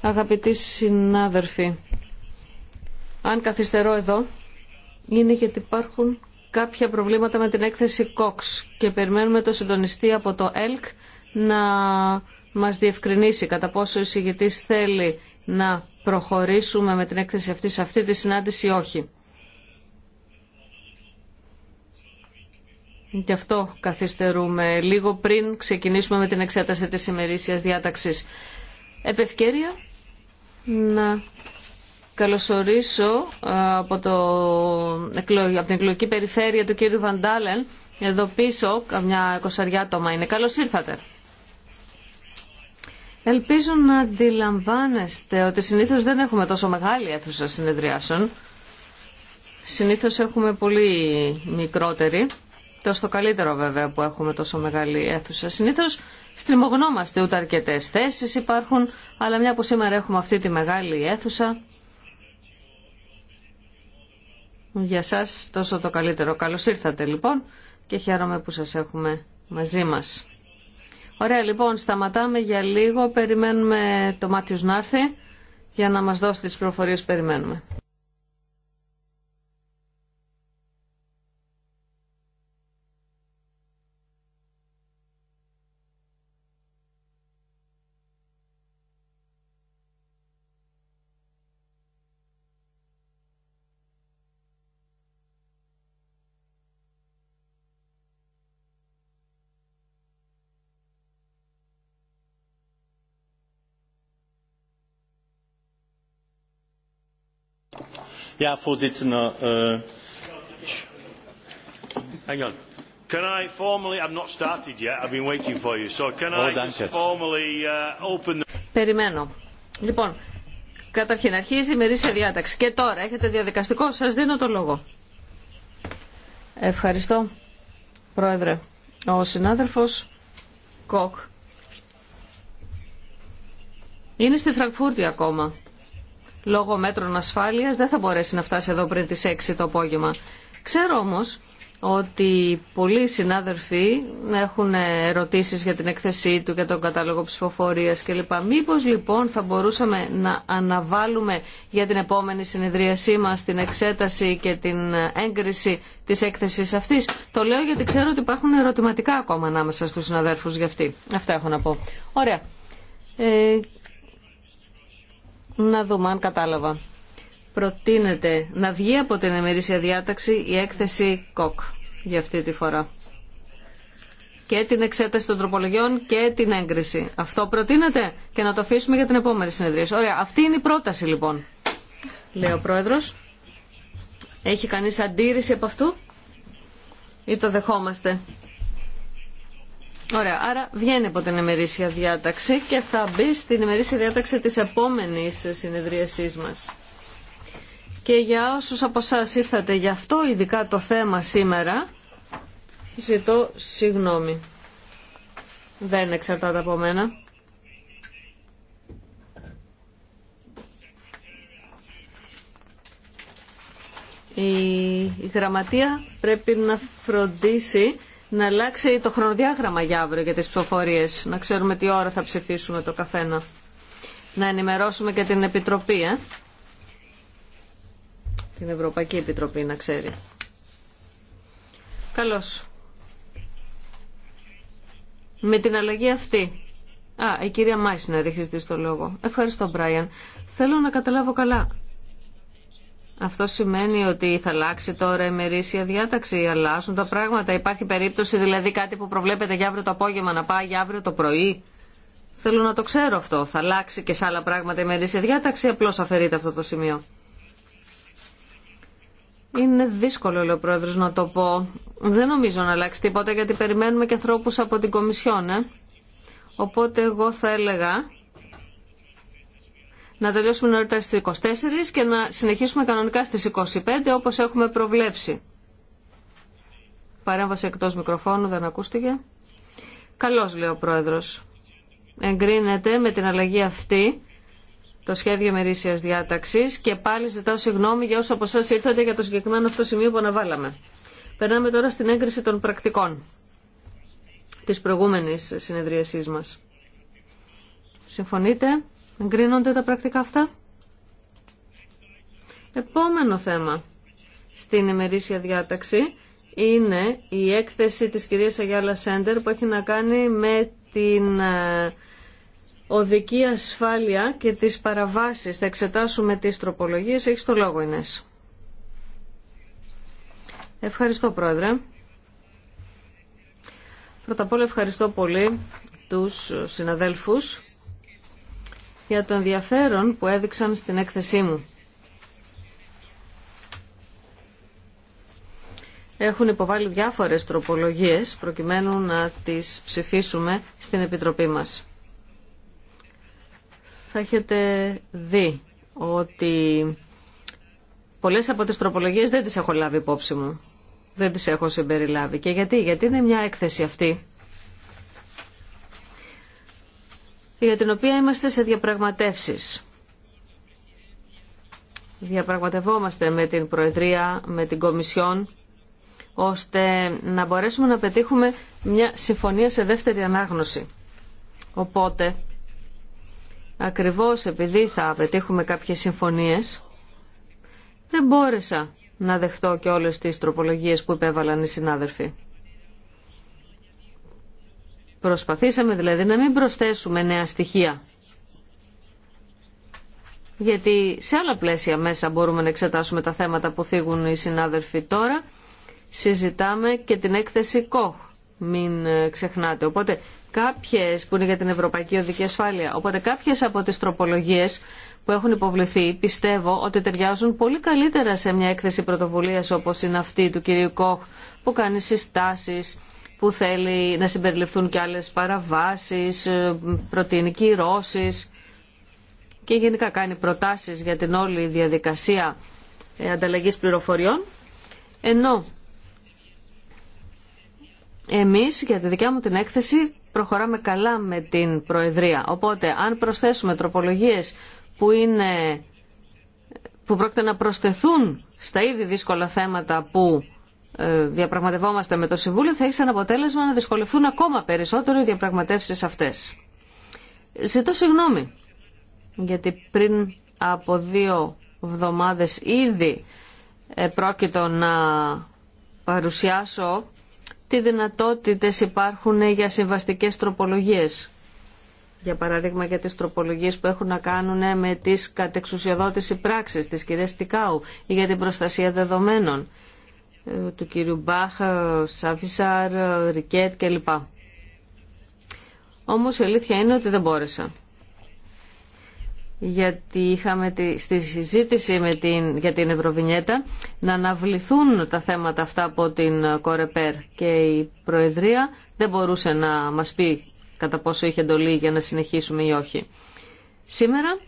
Αγαπητοί συνάδελφοι, αν καθυστερώ εδώ, είναι γιατί υπάρχουν κάποια προβλήματα με την έκθεση COX και περιμένουμε το συντονιστή από το ΕΛΚ να μας διευκρινίσει κατά πόσο ο εισηγητής θέλει να προχωρήσουμε με την έκθεση αυτή σε αυτή τη συνάντηση ή όχι. Γι' αυτό καθυστερούμε λίγο πριν ξεκινήσουμε με την εξέταση της ημερήσιας διάταξης. Επ' να καλωσορίσω ε, από, το, από την εκλογική περιφέρεια του κύριου Βαντάλεν, εδώ πίσω, καμιά εικοσαριά τομα είναι. Καλώς ήρθατε. Ελπίζω να αντιλαμβάνεστε ότι συνήθως δεν έχουμε τόσο μεγάλη αίθουσα συνεδριάσεων. Συνήθως έχουμε πολύ μικρότερη. Τόσο το καλύτερο βέβαια που έχουμε τόσο μεγάλη αίθουσα. Συνήθω στριμωγνόμαστε ούτε αρκετέ θέσει υπάρχουν, αλλά μια που σήμερα έχουμε αυτή τη μεγάλη αίθουσα, για σας τόσο το καλύτερο. Καλώς ήρθατε λοιπόν και χαίρομαι που σας έχουμε μαζί μας. Ωραία λοιπόν, σταματάμε για λίγο, περιμένουμε το Μάτιος να έρθει για να μας δώσει τις προφορίες περιμένουμε. herr präsident! Äh, hang on. can i formally i've not started yet i've been waiting for you so can i just formally uh, open the. περιμένω. λοιπόν καταρχήν αρχίζει η μερίσια διάταξη και τώρα έχετε διαδικαστικό σας δίνω το λόγο. ευχαριστώ πρόεδρε. ο συνάδελφος κοκ είναι στη Φραγκφούρτη ακόμα λόγω μέτρων ασφάλειας δεν θα μπορέσει να φτάσει εδώ πριν τις 6 το απόγευμα. Ξέρω όμως ότι πολλοί συνάδελφοι έχουν ερωτήσεις για την εκθεσή του, για τον κατάλογο ψηφοφορίας κλπ. Μήπως λοιπόν θα μπορούσαμε να αναβάλουμε για την επόμενη συνεδρίασή μας την εξέταση και την έγκριση της έκθεσης αυτής. Το λέω γιατί ξέρω ότι υπάρχουν ερωτηματικά ακόμα ανάμεσα στους συναδέλφους για αυτή. Αυτά έχω να πω. Ωραία. Ε, να δούμε αν κατάλαβα. Προτείνεται να βγει από την εμερήσια διάταξη η έκθεση ΚΟΚ για αυτή τη φορά. Και την εξέταση των τροπολογιών και την έγκριση. Αυτό προτείνεται και να το αφήσουμε για την επόμενη συνεδρία. Ωραία, αυτή είναι η πρόταση λοιπόν, λέει ο Πρόεδρος. Έχει κανείς αντίρρηση από αυτού ή το δεχόμαστε. Ωραία, άρα βγαίνει από την ημερήσια διάταξη και θα μπει στην ημερήσια διάταξη της επόμενης συνεδρίασής μας. Και για όσους από εσά ήρθατε γι' αυτό, ειδικά το θέμα σήμερα, ζητώ συγγνώμη. Δεν εξαρτάται από μένα. Η, η γραμματεία πρέπει να φροντίσει να αλλάξει το χρονοδιάγραμμα για αύριο για τις ψηφοφορίες. Να ξέρουμε τι ώρα θα ψηφίσουμε το καθένα. Να ενημερώσουμε και την Επιτροπή, ε. Την Ευρωπαϊκή Επιτροπή, να ξέρει. Καλώς. Με την αλλαγή αυτή. Α, η κυρία Μάισνερ έχει ζητήσει το λόγο. Ευχαριστώ, Μπράιαν. Θέλω να καταλάβω καλά. Αυτό σημαίνει ότι θα αλλάξει τώρα η μερίσια διάταξη, αλλάζουν τα πράγματα. Υπάρχει περίπτωση δηλαδή κάτι που προβλέπετε για αύριο το απόγευμα να πάει για αύριο το πρωί. Θέλω να το ξέρω αυτό. Θα αλλάξει και σε άλλα πράγματα η μερίσια διάταξη, απλώ αφαιρείται αυτό το σημείο. Είναι δύσκολο, λέει ο πρόεδρο, να το πω. Δεν νομίζω να αλλάξει τίποτα γιατί περιμένουμε και ανθρώπου από την Κομισιόν. Ε? Οπότε εγώ θα έλεγα να τελειώσουμε νωρίτερα στις 24 και να συνεχίσουμε κανονικά στις 25 όπως έχουμε προβλέψει. Παρέμβαση εκτός μικροφώνου, δεν ακούστηκε. Καλώς λέει ο Πρόεδρος. Εγκρίνεται με την αλλαγή αυτή το σχέδιο μερίσια διάταξη και πάλι ζητάω συγγνώμη για όσο από εσά ήρθατε για το συγκεκριμένο αυτό σημείο που αναβάλαμε. Περνάμε τώρα στην έγκριση των πρακτικών τη προηγούμενη συνεδρίασή μα. Συμφωνείτε. Εγκρίνονται τα πρακτικά αυτά. Επόμενο θέμα στην ημερήσια διάταξη είναι η έκθεση της κυρίας Αγιάλα Σέντερ που έχει να κάνει με την ε, οδική ασφάλεια και τις παραβάσεις. Θα εξετάσουμε τις τροπολογίες. Έχεις το λόγο, Ινές. Ευχαριστώ, Πρόεδρε. Πρώτα απ' όλα ευχαριστώ πολύ τους συναδέλφους για το ενδιαφέρον που έδειξαν στην έκθεσή μου. Έχουν υποβάλει διάφορες τροπολογίες προκειμένου να τις ψηφίσουμε στην Επιτροπή μας. Θα έχετε δει ότι πολλές από τις τροπολογίες δεν τις έχω λάβει υπόψη μου. Δεν τις έχω συμπεριλάβει. Και γιατί, γιατί είναι μια έκθεση αυτή για την οποία είμαστε σε διαπραγματεύσεις. Διαπραγματευόμαστε με την Προεδρία, με την Κομισιόν, ώστε να μπορέσουμε να πετύχουμε μια συμφωνία σε δεύτερη ανάγνωση. Οπότε, ακριβώς επειδή θα πετύχουμε κάποιες συμφωνίες, δεν μπόρεσα να δεχτώ και όλες τις τροπολογίες που επέβαλαν οι συνάδελφοι. Προσπαθήσαμε δηλαδή να μην προσθέσουμε νέα στοιχεία. Γιατί σε άλλα πλαίσια μέσα μπορούμε να εξετάσουμε τα θέματα που θίγουν οι συνάδελφοι τώρα. Συζητάμε και την έκθεση ΚΟΧ, μην ε, ξεχνάτε. Οπότε κάποιες που είναι για την Ευρωπαϊκή Οδική Ασφάλεια, οπότε κάποιες από τις τροπολογίες που έχουν υποβληθεί πιστεύω ότι ταιριάζουν πολύ καλύτερα σε μια έκθεση πρωτοβουλίας όπως είναι αυτή του κυρίου Κόχ που κάνει συστάσεις που θέλει να συμπεριληφθούν και άλλες παραβάσεις, ε, προτείνει κυρώσεις και γενικά κάνει προτάσεις για την όλη διαδικασία ε, ανταλλαγής πληροφοριών. Ενώ εμείς για τη δικιά μου την έκθεση προχωράμε καλά με την Προεδρία. Οπότε αν προσθέσουμε τροπολογίες που, είναι, που πρόκειται να προσθεθούν στα ήδη δύσκολα θέματα που ε, διαπραγματευόμαστε με το Συμβούλιο θα έχει σαν αποτέλεσμα να δυσκολευτούν ακόμα περισσότερο οι διαπραγματεύσεις αυτές. Ζητώ συγγνώμη, γιατί πριν από δύο εβδομάδες ήδη πρόκειτο να παρουσιάσω τι δυνατότητες υπάρχουν για συμβαστικές τροπολογίες. Για παράδειγμα για τις τροπολογίες που έχουν να κάνουν με τις κατεξουσιοδότηση πράξη της κυρίας Τικάου ή για την προστασία δεδομένων του κύριου Μπάχ, Σάφισαρ, Ρικέτ κλπ. Όμως η αλήθεια είναι ότι δεν μπόρεσα. Γιατί είχαμε τη, στη συζήτηση με την, για την Ευρωβινιέτα να αναβληθούν τα θέματα αυτά από την Κορεπέρ και η Προεδρία δεν μπορούσε να μας πει κατά πόσο είχε εντολή για να συνεχίσουμε ή όχι. Σήμερα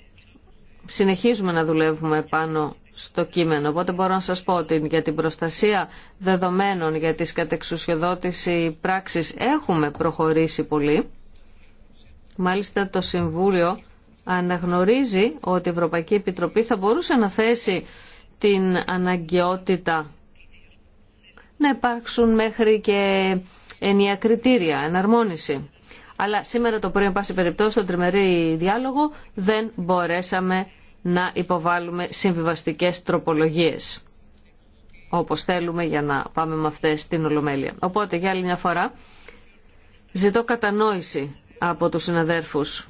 συνεχίζουμε να δουλεύουμε πάνω στο κείμενο. Οπότε μπορώ να σας πω ότι για την προστασία δεδομένων για τις κατεξουσιοδότηση πράξης έχουμε προχωρήσει πολύ. Μάλιστα το Συμβούλιο αναγνωρίζει ότι η Ευρωπαϊκή Επιτροπή θα μπορούσε να θέσει την αναγκαιότητα να υπάρξουν μέχρι και ενιακριτήρια, κριτήρια, εναρμόνιση. Αλλά σήμερα το πρωί, εν πάση περιπτώσει, στον τριμερή διάλογο δεν μπορέσαμε να υποβάλουμε συμβιβαστικές τροπολογίες όπως θέλουμε για να πάμε με αυτές την Ολομέλεια. Οπότε για άλλη μια φορά ζητώ κατανόηση από τους συναδέρφους.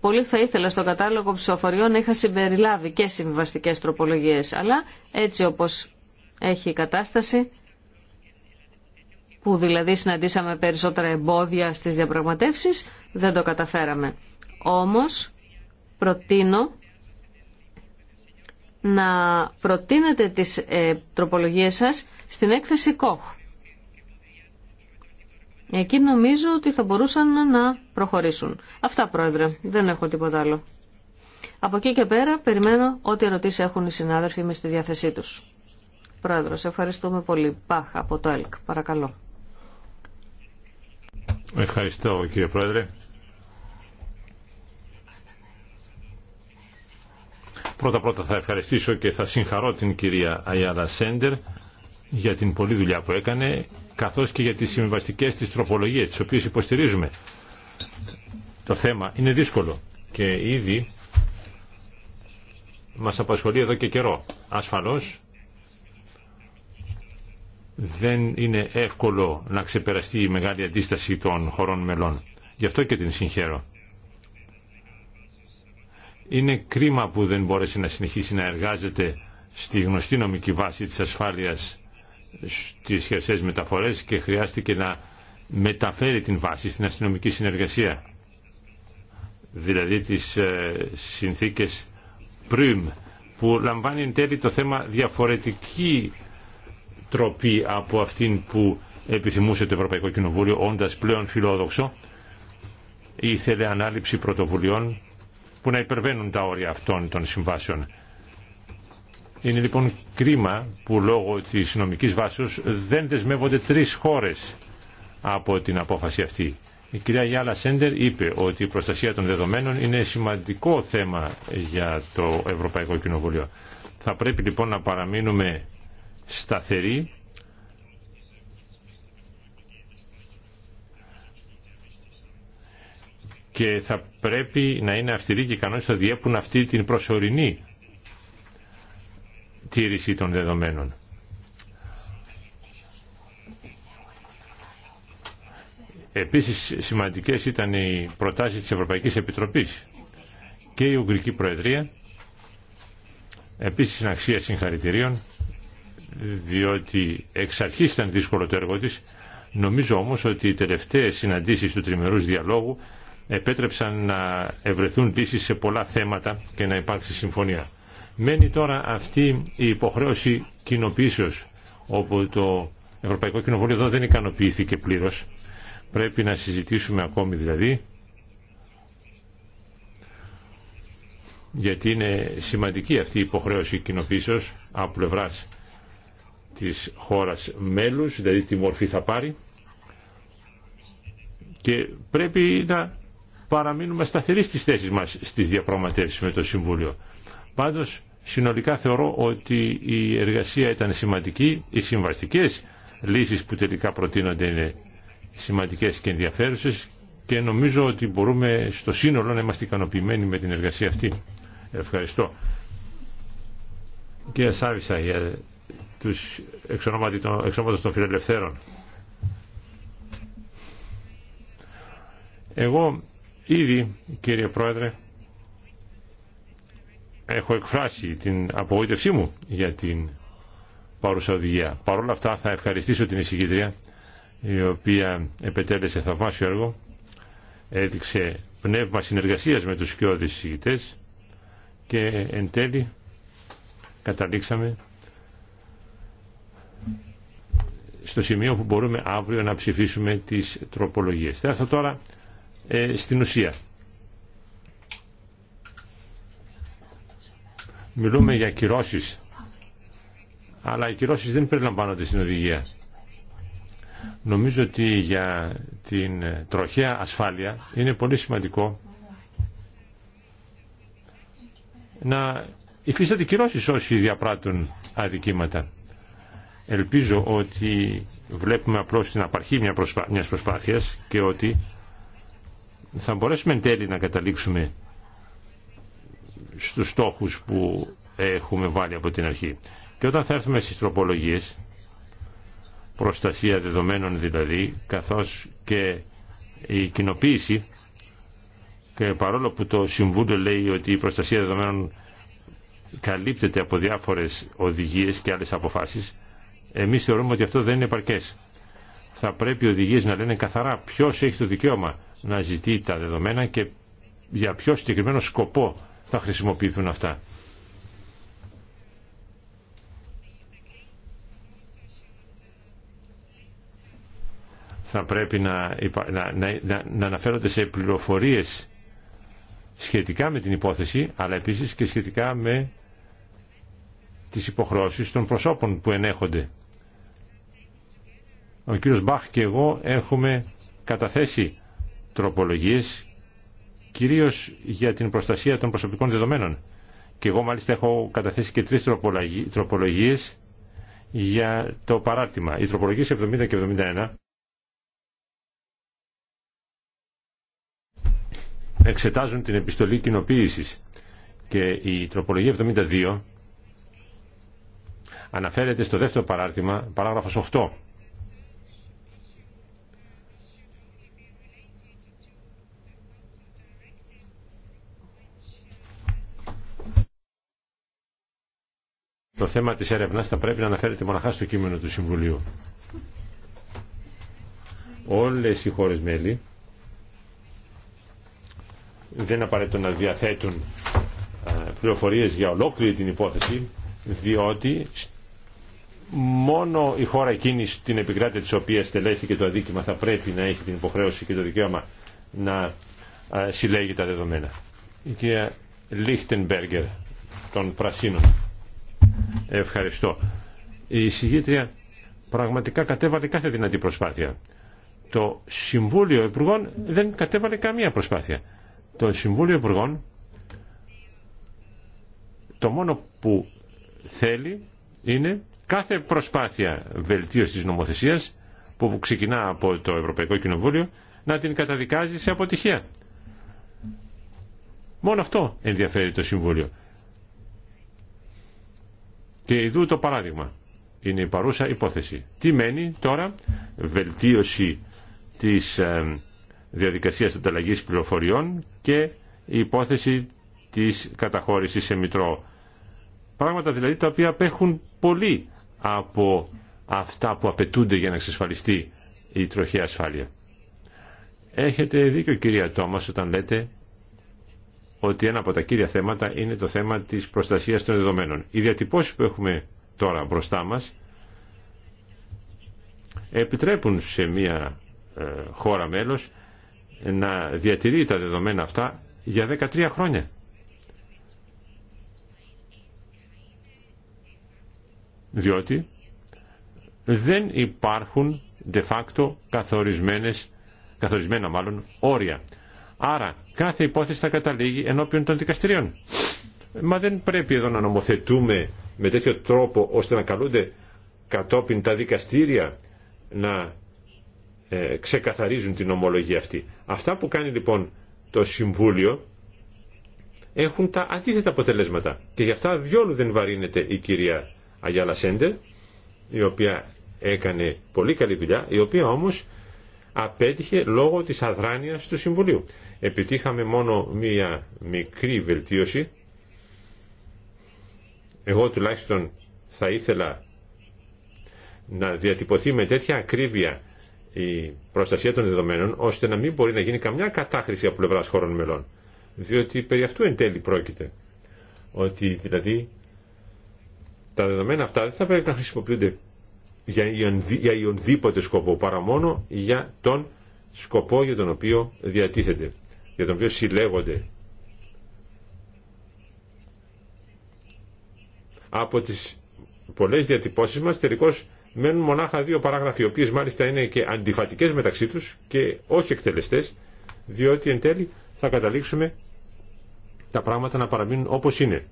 Πολύ θα ήθελα στο κατάλογο ψηφοφοριών να είχα συμπεριλάβει και συμβιβαστικές τροπολογίες, αλλά έτσι όπως έχει η κατάσταση, που δηλαδή συναντήσαμε περισσότερα εμπόδια στις διαπραγματεύσεις, δεν το καταφέραμε. Όμως προτείνω να προτείνετε τις ε, τροπολογίες σας στην έκθεση ΚΟΧ. Εκεί νομίζω ότι θα μπορούσαν να προχωρήσουν. Αυτά, Πρόεδρε. Δεν έχω τίποτα άλλο. Από εκεί και πέρα περιμένω ό,τι ερωτήσει έχουν οι συνάδελφοι με στη διάθεσή τους. Πρόεδρος, ευχαριστούμε πολύ. Πάχ από το ΕΛΚ. Παρακαλώ. Ευχαριστώ, κύριε Πρόεδρε. Πρώτα πρώτα θα ευχαριστήσω και θα συγχαρώ την κυρία Αιάλα Σέντερ για την πολλή δουλειά που έκανε καθώς και για τις συμβαστικές της τροπολογίες τις οποίες υποστηρίζουμε. Το θέμα είναι δύσκολο και ήδη μας απασχολεί εδώ και καιρό. Ασφαλώς δεν είναι εύκολο να ξεπεραστεί η μεγάλη αντίσταση των χωρών μελών. Γι' αυτό και την συγχαίρω. Είναι κρίμα που δεν μπόρεσε να συνεχίσει να εργάζεται στη γνωστή νομική βάση της ασφάλειας στις χερσαίες μεταφορές και χρειάστηκε να μεταφέρει την βάση στην αστυνομική συνεργασία. Δηλαδή τις ε, συνθήκες πριμ που λαμβάνει εν τέλει το θέμα διαφορετική τροπή από αυτήν που επιθυμούσε το Ευρωπαϊκό Κοινοβούλιο όντας πλέον φιλόδοξο ήθελε ανάληψη πρωτοβουλειών που να υπερβαίνουν τα όρια αυτών των συμβάσεων. Είναι λοιπόν κρίμα που λόγω της νομικής βάσης δεν δεσμεύονται τρεις χώρες από την απόφαση αυτή. Η κυρία Γιάλα Σέντερ είπε ότι η προστασία των δεδομένων είναι σημαντικό θέμα για το Ευρωπαϊκό Κοινοβουλίο. Θα πρέπει λοιπόν να παραμείνουμε σταθεροί και θα πρέπει να είναι αυστηροί και ικανοί στο διέπουν αυτή την προσωρινή τήρηση των δεδομένων. Επίσης σημαντικές ήταν οι προτάσεις της Ευρωπαϊκής Επιτροπής και η Ουγγρική Προεδρία επίσης στην αξία συγχαρητηρίων διότι εξ αρχής ήταν δύσκολο το έργο της νομίζω όμως ότι οι τελευταίες συναντήσεις του τριμερούς διαλόγου επέτρεψαν να ευρεθούν λύσεις σε πολλά θέματα και να υπάρξει συμφωνία. Μένει τώρα αυτή η υποχρέωση κοινοποίησεως, όπου το Ευρωπαϊκό Κοινοβούλιο εδώ δεν ικανοποιήθηκε πλήρως. Πρέπει να συζητήσουμε ακόμη δηλαδή, γιατί είναι σημαντική αυτή η υποχρέωση κοινοποίησεως από πλευρά της χώρας μέλους, δηλαδή τι μορφή θα πάρει και πρέπει να παραμείνουμε σταθεροί στις θέσεις μας στις διαπραγματεύσεις με το Συμβούλιο. Πάντως, συνολικά θεωρώ ότι η εργασία ήταν σημαντική, οι συμβαστικές λύσεις που τελικά προτείνονται είναι σημαντικές και ενδιαφέρουσες και νομίζω ότι μπορούμε στο σύνολο να είμαστε ικανοποιημένοι με την εργασία αυτή. Ευχαριστώ. Κύριε Σάβησα, για τους εξονόματος των φιλελευθέρων. Εγώ Ήδη, κύριε Πρόεδρε, έχω εκφράσει την απογοήτευσή μου για την παρούσα οδηγία. Παρ' όλα αυτά θα ευχαριστήσω την εισηγήτρια, η οποία επετέλεσε θαυμάσιο έργο, έδειξε πνεύμα συνεργασίας με τους σκιώδεις εισηγητές και εν τέλει καταλήξαμε στο σημείο που μπορούμε αύριο να ψηφίσουμε τις τροπολογίες. Θα έρθω τώρα ε, στην ουσία. Μιλούμε για κυρώσεις, αλλά οι κυρώσεις δεν περιλαμβάνονται στην οδηγία. Νομίζω ότι για την τροχαία ασφάλεια είναι πολύ σημαντικό να υφίσταται κυρώσεις όσοι διαπράττουν αδικήματα. Ελπίζω ότι βλέπουμε απλώς την απαρχή μια προσπάθειας και ότι θα μπορέσουμε εν τέλει να καταλήξουμε στους στόχους που έχουμε βάλει από την αρχή. Και όταν θα έρθουμε στις τροπολογίες, προστασία δεδομένων δηλαδή, καθώς και η κοινοποίηση, και παρόλο που το Συμβούλιο λέει ότι η προστασία δεδομένων καλύπτεται από διάφορες οδηγίες και άλλες αποφάσεις, εμείς θεωρούμε ότι αυτό δεν είναι επαρκές. Θα πρέπει οι οδηγίες να λένε καθαρά ποιος έχει το δικαίωμα να ζητεί τα δεδομένα και για ποιο συγκεκριμένο σκοπό θα χρησιμοποιηθούν αυτά. Θα πρέπει να, να, να, να αναφέρονται σε πληροφορίες σχετικά με την υπόθεση, αλλά επίσης και σχετικά με τις υποχρεώσεις των προσώπων που ενέχονται. Ο κύριος Μπαχ και εγώ έχουμε καταθέσει τροπολογίες κυρίως για την προστασία των προσωπικών δεδομένων. Και εγώ μάλιστα έχω καταθέσει και τρεις τροπολογίες για το παράρτημα. Οι τροπολογίες 70 και 71 εξετάζουν την επιστολή κοινοποίηση και η τροπολογία 72 αναφέρεται στο δεύτερο παράρτημα, παράγραφος 8 Το θέμα της έρευνας θα πρέπει να αναφέρεται μοναχά στο κείμενο του Συμβουλίου. Όλες οι χώρες μέλη δεν απαραίτητο να διαθέτουν ε, πληροφορίες για ολόκληρη την υπόθεση, διότι μόνο η χώρα εκείνη στην επικράτεια της οποίας τελέστηκε το αδίκημα θα πρέπει να έχει την υποχρέωση και το δικαίωμα να ε, συλλέγει τα δεδομένα. Η κυρία Λίχτενμπέργκερ των Πρασίνων. Ευχαριστώ. Η εισηγήτρια πραγματικά κατέβαλε κάθε δυνατή προσπάθεια. Το Συμβούλιο Υπουργών δεν κατέβαλε καμία προσπάθεια. Το Συμβούλιο Υπουργών το μόνο που θέλει είναι κάθε προσπάθεια βελτίωσης της νομοθεσίας που ξεκινά από το Ευρωπαϊκό Κοινοβούλιο να την καταδικάζει σε αποτυχία. Μόνο αυτό ενδιαφέρει το Συμβούλιο. Και ειδού το παράδειγμα. Είναι η παρούσα υπόθεση. Τι μένει τώρα, βελτίωση της ε, διαδικασίας ανταλλαγής πληροφοριών και η υπόθεση της καταχώρησης σε Μητρό. Πράγματα δηλαδή τα οποία απέχουν πολύ από αυτά που απαιτούνται για να εξασφαλιστεί η τροχή ασφάλεια. Έχετε δίκιο κυρία Τόμας όταν λέτε ότι ένα από τα κύρια θέματα είναι το θέμα της προστασίας των δεδομένων. Οι διατυπώσεις που έχουμε τώρα μπροστά μας επιτρέπουν σε μια ε, χώρα μέλος να διατηρεί τα δεδομένα αυτά για 13 χρόνια. Διότι δεν υπάρχουν de facto καθορισμένες, καθορισμένα μάλλον όρια. Άρα κάθε υπόθεση θα καταλήγει ενώπιον των δικαστηρίων. Μα δεν πρέπει εδώ να νομοθετούμε με τέτοιο τρόπο ώστε να καλούνται κατόπιν τα δικαστήρια να ε, ξεκαθαρίζουν την ομολογία αυτή. Αυτά που κάνει λοιπόν το Συμβούλιο έχουν τα αντίθετα αποτελέσματα και γι' αυτά διόλου δεν βαρύνεται η κυρία Αγιάλα Σέντερ η οποία έκανε πολύ καλή δουλειά η οποία όμως απέτυχε λόγω της αδράνειας του Συμβουλίου. Επιτύχαμε μόνο μία μικρή βελτίωση. Εγώ τουλάχιστον θα ήθελα να διατυπωθεί με τέτοια ακρίβεια η προστασία των δεδομένων, ώστε να μην μπορεί να γίνει καμιά κατάχρηση από πλευρά χώρων μελών. Διότι περί αυτού εν τέλει πρόκειται. Ότι δηλαδή τα δεδομένα αυτά δεν θα πρέπει να χρησιμοποιούνται για ιονδήποτε σκοπό, παρά μόνο για τον σκοπό για τον οποίο διατίθεται, για τον οποίο συλλέγονται. Από τις πολλές διατυπώσεις μας τελικώς μένουν μονάχα δύο παράγραφοι, οι οποίες μάλιστα είναι και αντιφατικές μεταξύ τους και όχι εκτελεστές, διότι εν τέλει θα καταλήξουμε τα πράγματα να παραμείνουν όπως είναι.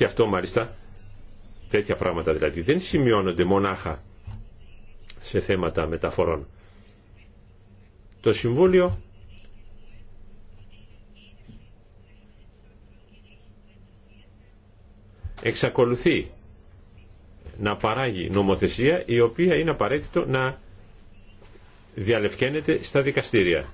Και αυτό μάλιστα τέτοια πράγματα δηλαδή δεν σημειώνονται μονάχα σε θέματα μεταφορών. Το Συμβούλιο εξακολουθεί να παράγει νομοθεσία η οποία είναι απαραίτητο να διαλευκένεται στα δικαστήρια.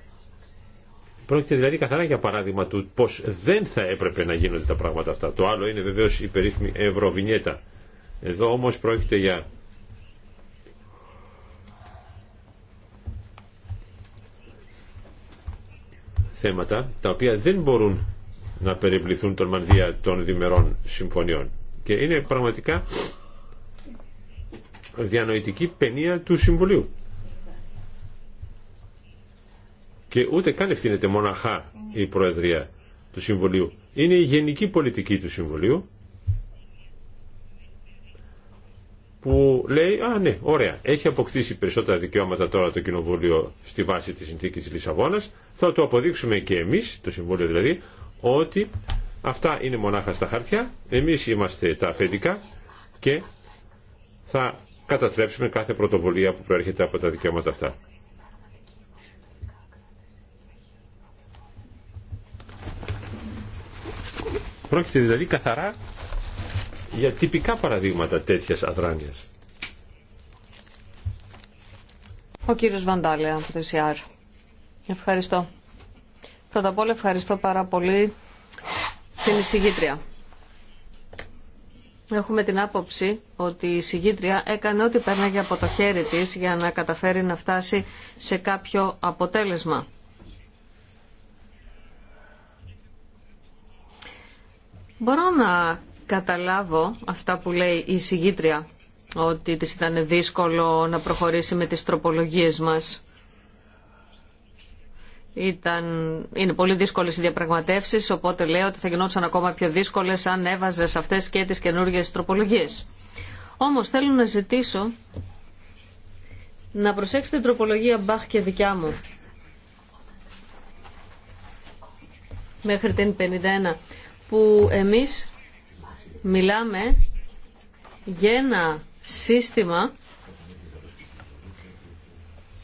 Πρόκειται δηλαδή καθαρά για παράδειγμα του πως δεν θα έπρεπε να γίνονται τα πράγματα αυτά. Το άλλο είναι βεβαίως η περίφημη ευρωβινιέτα. Εδώ όμως πρόκειται για θέματα τα οποία δεν μπορούν να περιπληθούν τον μανδύα των διμερών συμφωνιών. Και είναι πραγματικά διανοητική παινία του Συμβουλίου. και ούτε καν ευθύνεται μοναχά η Προεδρία του Συμβουλίου. Είναι η γενική πολιτική του Συμβουλίου που λέει «Α, ναι, ωραία, έχει αποκτήσει περισσότερα δικαιώματα τώρα το Κοινοβούλιο στη βάση της συνθήκης της Λισαβόνας, θα το αποδείξουμε και εμείς, το Συμβούλιο δηλαδή, ότι αυτά είναι μονάχα στα χαρτιά, εμείς είμαστε τα αφεντικά και θα καταστρέψουμε κάθε πρωτοβουλία που προέρχεται από τα δικαιώματα αυτά». Πρόκειται δηλαδή καθαρά για τυπικά παραδείγματα τέτοιας αδράνειας. Ο κύριος Βαντάλια από Ευχαριστώ. Πρώτα απ' όλα ευχαριστώ πάρα πολύ την εισηγήτρια. Έχουμε την άποψη ότι η συγκίτρια έκανε ό,τι πέρναγε από το χέρι της για να καταφέρει να φτάσει σε κάποιο αποτέλεσμα. Μπορώ να καταλάβω αυτά που λέει η συγγήτρια, ότι της ήταν δύσκολο να προχωρήσει με τις τροπολογίες μας. Ήταν... Είναι πολύ δύσκολες οι διαπραγματεύσεις, οπότε λέω ότι θα γινόντουσαν ακόμα πιο δύσκολες αν έβαζες αυτές και τις καινούργιες τροπολογίες. Όμως θέλω να ζητήσω να προσέξετε την τροπολογία Μπαχ και δικιά μου. Μέχρι την 51 που εμείς μιλάμε για ένα σύστημα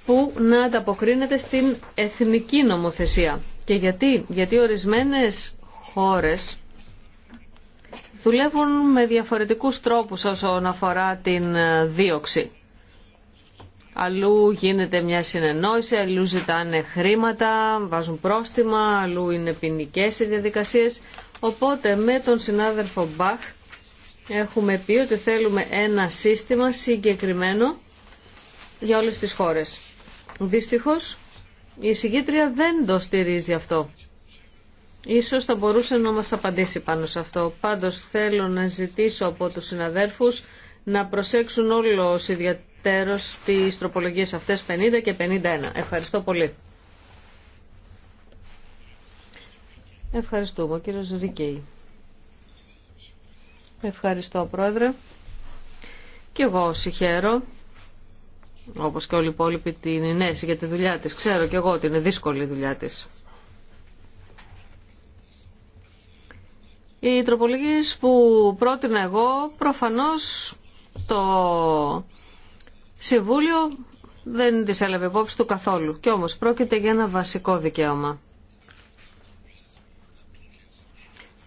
που να ανταποκρίνεται στην εθνική νομοθεσία. Και γιατί, γιατί ορισμένες χώρες δουλεύουν με διαφορετικούς τρόπους όσον αφορά την ε, δίωξη. Αλλού γίνεται μια συνεννόηση, αλλού ζητάνε χρήματα, βάζουν πρόστιμα, αλλού είναι ποινικέ οι διαδικασίες. Οπότε με τον συνάδελφο Μπαχ έχουμε πει ότι θέλουμε ένα σύστημα συγκεκριμένο για όλες τις χώρες. Δυστυχώς η συγκήτρια δεν το στηρίζει αυτό. Ίσως θα μπορούσε να μας απαντήσει πάνω σε αυτό. Πάντως θέλω να ζητήσω από τους συναδέλφους να προσέξουν όλους ιδιαίτερος τις τροπολογίες αυτές 50 και 51. Ευχαριστώ πολύ. Ευχαριστούμε. Ο κύριος Ρικέη. Ευχαριστώ, Πρόεδρε. Και εγώ συγχαίρω, όπως και όλοι οι υπόλοιποι, την Ινέση για τη δουλειά της. Ξέρω και εγώ ότι είναι δύσκολη η δουλειά της. Οι τροπολογίες που πρότεινα εγώ, προφανώς το Συμβούλιο δεν τις έλαβε υπόψη του καθόλου. Κι όμως πρόκειται για ένα βασικό δικαίωμα.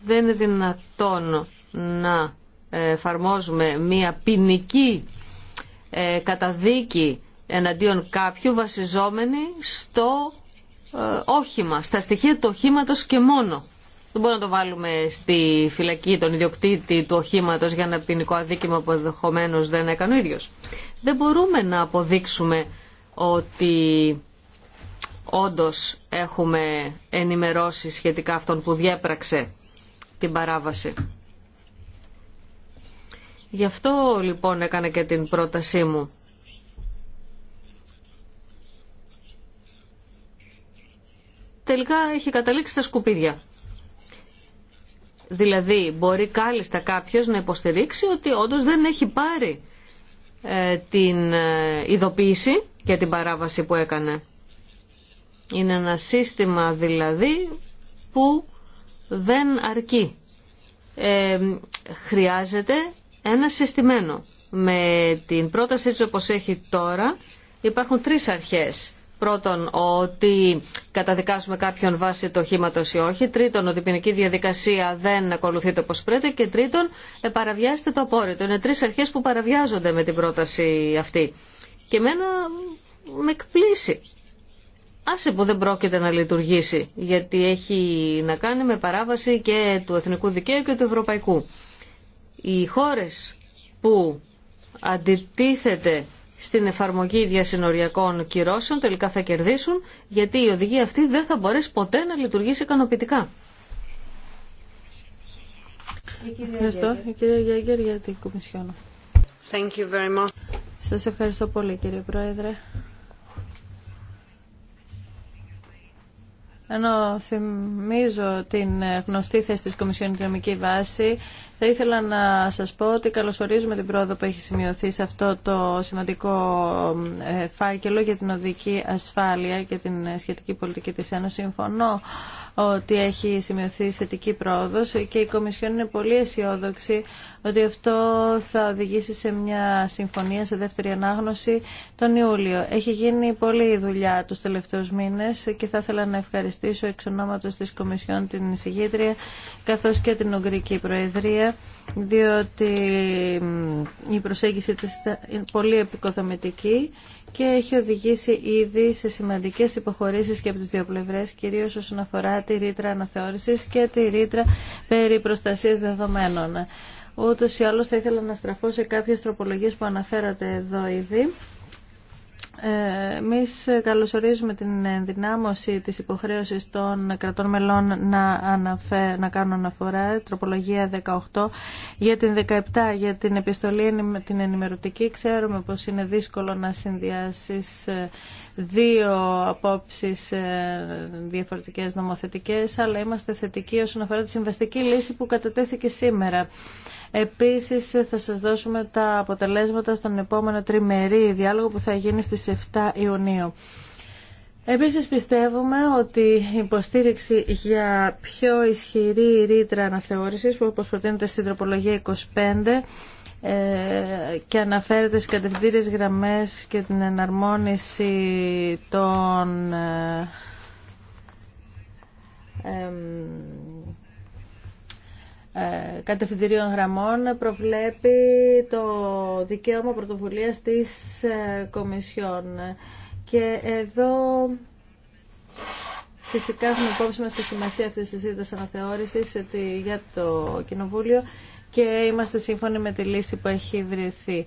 δεν είναι δυνατόν να εφαρμόζουμε μια ποινική ε, καταδίκη εναντίον κάποιου βασιζόμενη στο ε, όχημα, στα στοιχεία του οχήματο και μόνο. Δεν μπορούμε να το βάλουμε στη φυλακή τον ιδιοκτήτη του οχήματο για ένα ποινικό αδίκημα που ενδεχομένω δεν έκανε ο ίδιο. Δεν μπορούμε να αποδείξουμε ότι όντω έχουμε ενημερώσει σχετικά αυτόν που διέπραξε την παράβαση. Γι' αυτό λοιπόν έκανα και την πρότασή μου. Τελικά έχει καταλήξει στα σκουπίδια. Δηλαδή μπορεί κάλλιστα κάποιος να υποστηρίξει ότι όντως δεν έχει πάρει ε, την ε, ειδοποίηση για την παράβαση που έκανε. Είναι ένα σύστημα δηλαδή που δεν αρκεί. Ε, χρειάζεται ένα συστημένο. Με την πρόταση έτσι όπως έχει τώρα υπάρχουν τρεις αρχές. Πρώτον, ότι καταδικάσουμε κάποιον βάσει το οχήματο ή όχι. Τρίτον, ότι η ποινική διαδικασία δεν ακολουθείται όπω πρέπει. Και τρίτον, ε, παραβιάζεται το απόρριτο. Είναι τρει αρχέ που παραβιάζονται με την πρόταση αυτή. Και εμένα με εκπλήσει άσε που δεν πρόκειται να λειτουργήσει, γιατί έχει να κάνει με παράβαση και του εθνικού δικαίου και του ευρωπαϊκού. Οι χώρες που αντιτίθεται στην εφαρμογή διασυνοριακών κυρώσεων τελικά θα κερδίσουν, γιατί η οδηγία αυτή δεν θα μπορέσει ποτέ να λειτουργήσει ικανοποιητικά. Ευχαριστώ. κυρία Σας ευχαριστώ πολύ κύριε Πρόεδρε. ενώ θυμίζω την γνωστή θέση της Κομισιόν Οικονομική Βάση θα ήθελα να σας πω ότι καλωσορίζουμε την πρόοδο που έχει σημειωθεί σε αυτό το σημαντικό ε, φάκελο για την οδική ασφάλεια και την ε, σχετική πολιτική της Ένωσης. Συμφωνώ ότι έχει σημειωθεί θετική πρόοδος και η Κομισιόν είναι πολύ αισιόδοξη ότι αυτό θα οδηγήσει σε μια συμφωνία σε δεύτερη ανάγνωση τον Ιούλιο. Έχει γίνει πολλή δουλειά τους τελευταίους μήνες και θα ήθελα να ευχαριστήσω εξ ονόματος της Κομισιόν την εισηγήτρια καθώς και την Ουγγρική Προεδρία διότι η προσέγγιση της είναι πολύ επικοδομητική και έχει οδηγήσει ήδη σε σημαντικές υποχωρήσεις και από τις δύο πλευρές, κυρίως όσον αφορά τη ρήτρα αναθεώρησης και τη ρήτρα περί προστασίας δεδομένων. Ούτως ή άλλως θα ήθελα να στραφώ σε κάποιες τροπολογίες που αναφέρατε εδώ ήδη. Εμεί καλωσορίζουμε την ενδυνάμωση της υποχρέωση των κρατών μελών να, αναφέ, να κάνουν αναφορά, τροπολογία 18, για την 17, για την επιστολή την ενημερωτική. Ξέρουμε πω είναι δύσκολο να συνδυάσει ε, δύο απόψεις ε, διαφορετικές νομοθετικές, αλλά είμαστε θετικοί όσον αφορά τη συμβαστική λύση που κατατέθηκε σήμερα. Επίσης θα σας δώσουμε τα αποτελέσματα στον επόμενο τριμερή διάλογο που θα γίνει στις 7 Ιουνίου. Επίσης πιστεύουμε ότι η υποστήριξη για πιο ισχυρή ρήτρα αναθεώρησης που όπως προτείνεται στην τροπολογία 25 ε, και αναφέρεται στις κατευθύντηρες γραμμές και την εναρμόνιση των ε, ε, κατευθυντηρίων γραμμών προβλέπει το δικαίωμα πρωτοβουλίας της ε, Κομισιόν. Και εδώ φυσικά έχουμε υπόψη μας τη σημασία αυτής της ζήτητας αναθεώρησης ε, για το Κοινοβούλιο και είμαστε σύμφωνοι με τη λύση που έχει βρεθεί.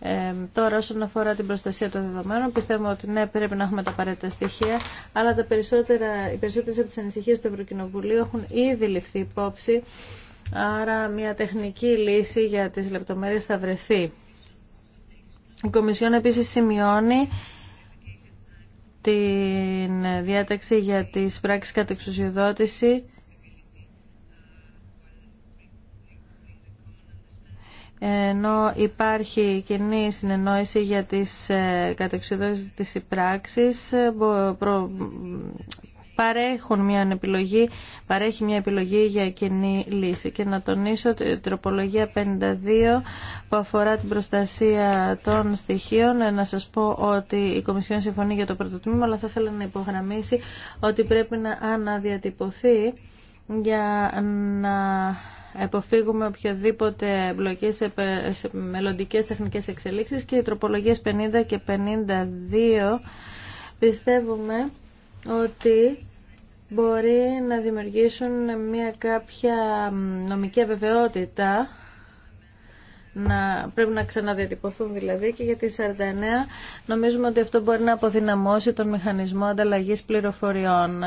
Ε, τώρα, όσον αφορά την προστασία των δεδομένων, πιστεύουμε ότι ναι, πρέπει να έχουμε τα απαραίτητα στοιχεία, αλλά τα περισσότερα, οι περισσότερες από τι του Ευρωκοινοβουλίου έχουν ήδη ληφθεί υπόψη Άρα μια τεχνική λύση για τις λεπτομέρειες θα βρεθεί. Η Κομισιόν επίσης σημειώνει την διάταξη για τις πράξεις κατεξουσιοδότηση ενώ υπάρχει κοινή συνεννόηση για τις ε, κατεξοδόσεις της πράξης ε, παρέχουν μια επιλογή, παρέχει μια επιλογή για κοινή λύση. Και να τονίσω η τροπολογία 52 που αφορά την προστασία των στοιχείων. Ε, να σας πω ότι η Κομισιόν συμφωνεί για το πρώτο τμήμα, αλλά θα ήθελα να υπογραμμίσει ότι πρέπει να αναδιατυπωθεί για να εποφύγουμε οποιαδήποτε μπλοκές σε μελλοντικές τεχνικές εξελίξεις και οι τροπολογίες 50 και 52 πιστεύουμε ότι μπορεί να δημιουργήσουν μια κάποια νομική αβεβαιότητα να, πρέπει να ξαναδιατυπωθούν δηλαδή και για τη 49 νομίζουμε ότι αυτό μπορεί να αποδυναμώσει τον μηχανισμό ανταλλαγής πληροφοριών.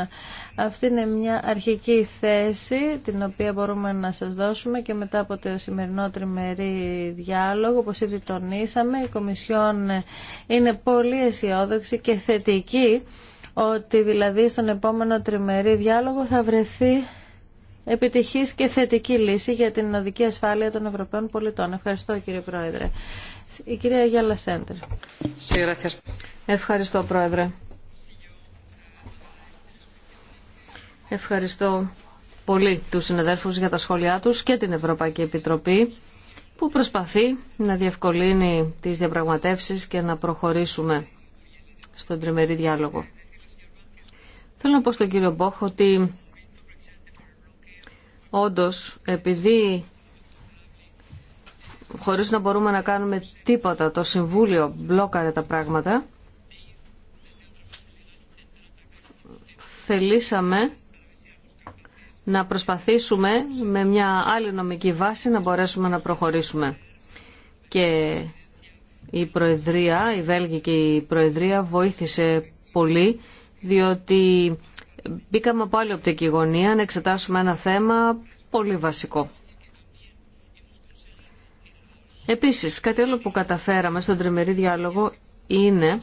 Αυτή είναι μια αρχική θέση την οποία μπορούμε να σας δώσουμε και μετά από το σημερινό τριμερή διάλογο όπως ήδη τονίσαμε η Κομισιόν είναι πολύ αισιόδοξη και θετική ότι δηλαδή στον επόμενο τριμερή διάλογο θα βρεθεί επιτυχής και θετική λύση για την οδική ασφάλεια των Ευρωπαίων πολιτών. Ευχαριστώ κύριε Πρόεδρε. Η κυρία Γιάλα Σέντερ. Ευχαριστώ Πρόεδρε. Ευχαριστώ πολύ τους συναδέλφους για τα σχόλιά τους και την Ευρωπαϊκή Επιτροπή που προσπαθεί να διευκολύνει τις διαπραγματεύσεις και να προχωρήσουμε στον τριμερή διάλογο. Θέλω να πω στον κύριο Μπόχ ότι όντως επειδή χωρίς να μπορούμε να κάνουμε τίποτα το Συμβούλιο μπλόκαρε τα πράγματα θελήσαμε να προσπαθήσουμε με μια άλλη νομική βάση να μπορέσουμε να προχωρήσουμε. Και η Προεδρία, η Βέλγικη Προεδρία βοήθησε πολύ διότι μπήκαμε από άλλη οπτική γωνία να εξετάσουμε ένα θέμα πολύ βασικό. Επίσης, κάτι άλλο που καταφέραμε στον τριμερή διάλογο είναι,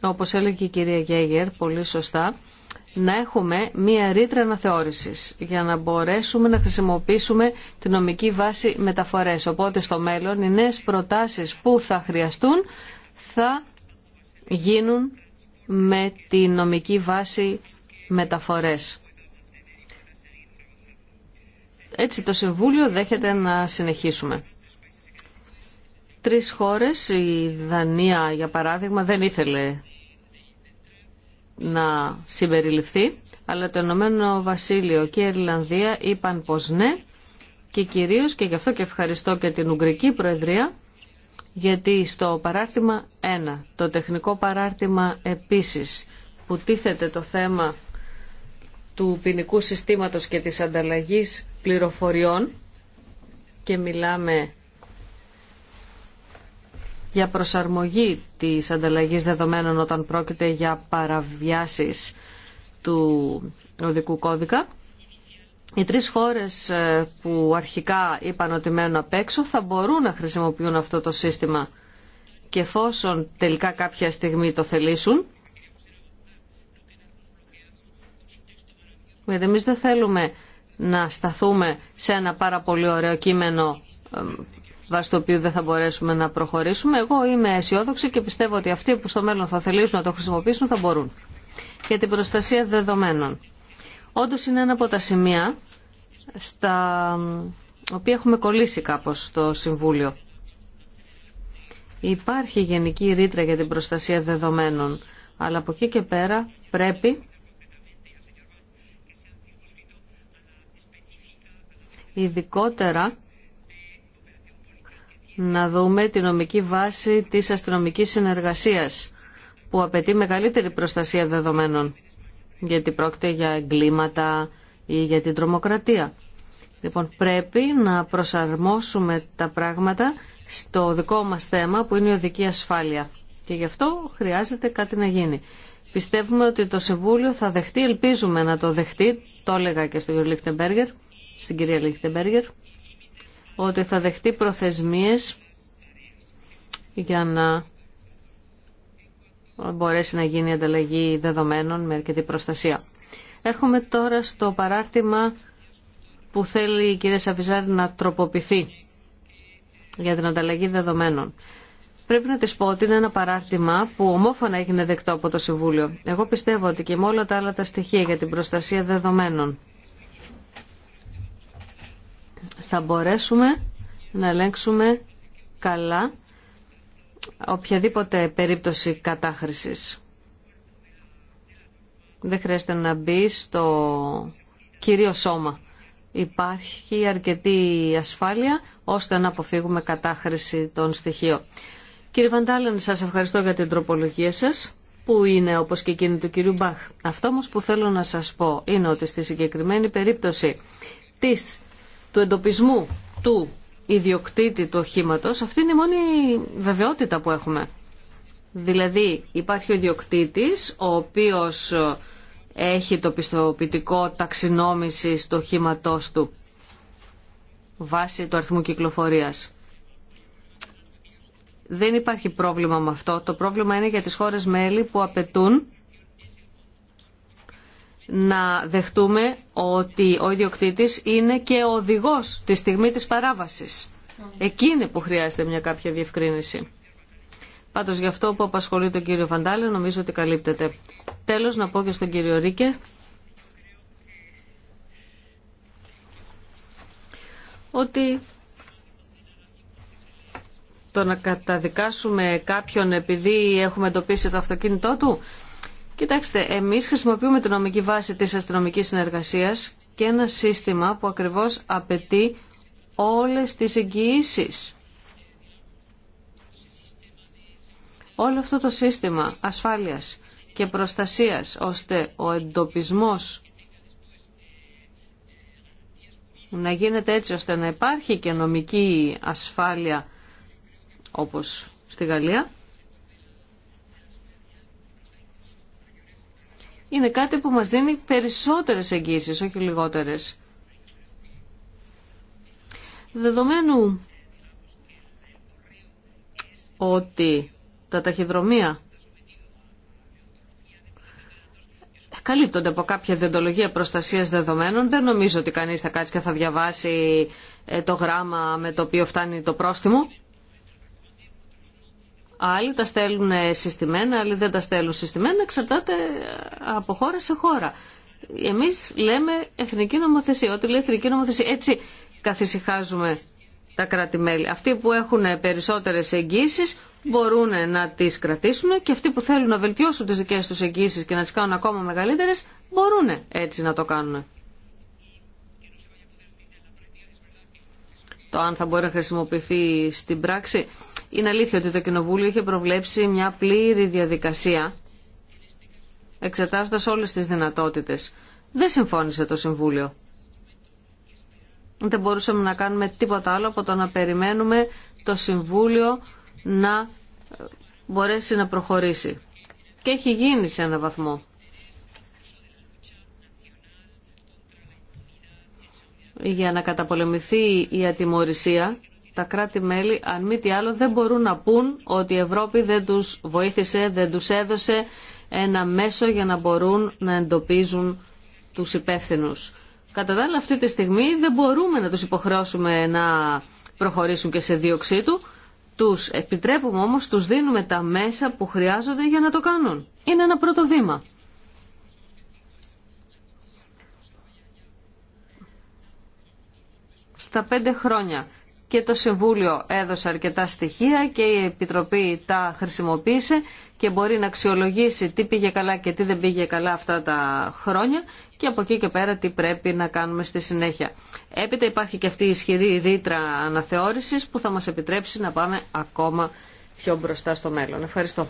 όπως έλεγε η κυρία Γέγερ πολύ σωστά, να έχουμε μία ρήτρα αναθεώρησης για να μπορέσουμε να χρησιμοποιήσουμε τη νομική βάση μεταφορές. Οπότε στο μέλλον οι νέες προτάσεις που θα χρειαστούν θα γίνουν με τη νομική βάση μεταφορές. Έτσι το Συμβούλιο δέχεται να συνεχίσουμε. Τρεις χώρες, η Δανία για παράδειγμα δεν ήθελε να συμπεριληφθεί, αλλά το Ενωμένο Βασίλειο και η Ιρλανδία είπαν πως ναι και κυρίως και γι' αυτό και ευχαριστώ και την Ουγγρική Προεδρία γιατί στο παράρτημα 1, το τεχνικό παράρτημα επίσης που τίθεται το θέμα του ποινικού συστήματος και της ανταλλαγής πληροφοριών και μιλάμε για προσαρμογή της ανταλλαγής δεδομένων όταν πρόκειται για παραβιάσεις του οδικού κώδικα οι τρεις χώρες ε, που αρχικά είπαν ότι μένουν απ' έξω θα μπορούν να χρησιμοποιούν αυτό το σύστημα και εφόσον τελικά κάποια στιγμή το θελήσουν. Γιατί εμεί δεν θέλουμε να σταθούμε σε ένα πάρα πολύ ωραίο κείμενο ε, βάσει το οποίο δεν θα μπορέσουμε να προχωρήσουμε. Εγώ είμαι αισιόδοξη και πιστεύω ότι αυτοί που στο μέλλον θα θελήσουν να το χρησιμοποιήσουν θα μπορούν. Για την προστασία δεδομένων. Όντω είναι ένα από τα σημεία στα οποία έχουμε κολλήσει κάπως στο Συμβούλιο. Υπάρχει γενική ρήτρα για την προστασία δεδομένων, αλλά από εκεί και πέρα πρέπει ειδικότερα να δούμε τη νομική βάση της αστυνομικής συνεργασίας που απαιτεί μεγαλύτερη προστασία δεδομένων γιατί πρόκειται για εγκλήματα ή για την τρομοκρατία. Λοιπόν, πρέπει να προσαρμόσουμε τα πράγματα στο δικό μας θέμα που είναι η οδική ασφάλεια. Και γι' αυτό χρειάζεται κάτι να γίνει. Πιστεύουμε ότι το Συμβούλιο θα δεχτεί, ελπίζουμε να το δεχτεί, το έλεγα και στον Λίχτεμπεργκερ, στην κυρία Λίχτεμπεργκερ, ότι θα δεχτεί προθεσμίες για να μπορέσει να γίνει ανταλλαγή δεδομένων με αρκετή προστασία. Έρχομαι τώρα στο παράρτημα που θέλει η κυρία Σαφιζάρη να τροποποιηθεί για την ανταλλαγή δεδομένων. Πρέπει να τη πω ότι είναι ένα παράρτημα που ομόφωνα έγινε δεκτό από το Συμβούλιο. Εγώ πιστεύω ότι και με όλα τα άλλα τα στοιχεία για την προστασία δεδομένων θα μπορέσουμε να ελέγξουμε καλά οποιαδήποτε περίπτωση κατάχρησης. Δεν χρειάζεται να μπει στο κύριο σώμα. Υπάρχει αρκετή ασφάλεια ώστε να αποφύγουμε κατάχρηση των στοιχείων. Κύριε Βαντάλεν, σας ευχαριστώ για την τροπολογία σας που είναι όπως και εκείνη του κυρίου Μπαχ. Αυτό όμως που θέλω να σας πω είναι ότι στη συγκεκριμένη περίπτωση της, του εντοπισμού του ιδιοκτήτη του οχήματος, αυτή είναι η μόνη βεβαιότητα που έχουμε. Δηλαδή υπάρχει ο ιδιοκτήτης, ο οποίος ε, έχει το πιστοποιητικό ταξινόμησης του οχήματός του βάσει του αριθμού κυκλοφορίας. Δεν υπάρχει πρόβλημα με αυτό. Το πρόβλημα είναι για τις χώρες μέλη που απαιτούν να δεχτούμε ότι ο ιδιοκτήτης είναι και ο οδηγός τη στιγμή της παράβασης. Εκείνη που χρειάζεται μια κάποια διευκρίνηση. Πάντως γι' αυτό που απασχολεί τον κύριο Φαντάλη, νομίζω ότι καλύπτεται. Τέλος να πω και στον κύριο Ρίκε ότι το να καταδικάσουμε κάποιον επειδή έχουμε εντοπίσει το αυτοκίνητό του Κοιτάξτε, εμείς χρησιμοποιούμε την νομική βάση της αστυνομικής συνεργασίας και ένα σύστημα που ακριβώς απαιτεί όλες τις εγγυήσει. Όλο αυτό το σύστημα ασφάλειας και προστασίας ώστε ο εντοπισμός να γίνεται έτσι ώστε να υπάρχει και νομική ασφάλεια όπως στη Γαλλία είναι κάτι που μας δίνει περισσότερες εγγύσεις, όχι λιγότερες. Δεδομένου ότι τα ταχυδρομεία καλύπτονται από κάποια διοντολογία προστασίας δεδομένων. Δεν νομίζω ότι κανείς θα κάτσει και θα διαβάσει ε, το γράμμα με το οποίο φτάνει το πρόστιμο. Άλλοι τα στέλνουν συστημένα, άλλοι δεν τα στέλνουν συστημένα, εξαρτάται από χώρα σε χώρα. Εμείς λέμε εθνική νομοθεσία. Ό,τι λέει εθνική νομοθεσία, έτσι καθησυχάζουμε τα κράτη-μέλη. Αυτοί που έχουν περισσότερες εγγύσεις μπορούν να τις κρατήσουν και αυτοί που θέλουν να βελτιώσουν τις δικές τους εγγύσεις και να τις κάνουν ακόμα μεγαλύτερες μπορούν έτσι να το κάνουν. Το αν θα μπορεί να χρησιμοποιηθεί στην πράξη είναι αλήθεια ότι το Κοινοβούλιο είχε προβλέψει μια πλήρη διαδικασία εξετάζοντας όλες τις δυνατότητες. Δεν συμφώνησε το Συμβούλιο. Δεν μπορούσαμε να κάνουμε τίποτα άλλο από το να περιμένουμε το Συμβούλιο να ε, μπορέσει να προχωρήσει. Και έχει γίνει σε έναν βαθμό. Για να καταπολεμηθεί η ατιμορρησία τα κράτη-μέλη, αν μη τι άλλο, δεν μπορούν να πούν ότι η Ευρώπη δεν τους βοήθησε, δεν τους έδωσε ένα μέσο για να μπορούν να εντοπίζουν τους υπεύθυνου. Κατά τα άλλα, αυτή τη στιγμή δεν μπορούμε να τους υποχρεώσουμε να προχωρήσουν και σε δίωξή του. Τους επιτρέπουμε όμως, τους δίνουμε τα μέσα που χρειάζονται για να το κάνουν. Είναι ένα πρώτο βήμα. Στα πέντε χρόνια και το Συμβούλιο έδωσε αρκετά στοιχεία και η Επιτροπή τα χρησιμοποίησε και μπορεί να αξιολογήσει τι πήγε καλά και τι δεν πήγε καλά αυτά τα χρόνια και από εκεί και πέρα τι πρέπει να κάνουμε στη συνέχεια. Έπειτα υπάρχει και αυτή η ισχυρή ρήτρα αναθεώρησης που θα μας επιτρέψει να πάμε ακόμα πιο μπροστά στο μέλλον. Ευχαριστώ.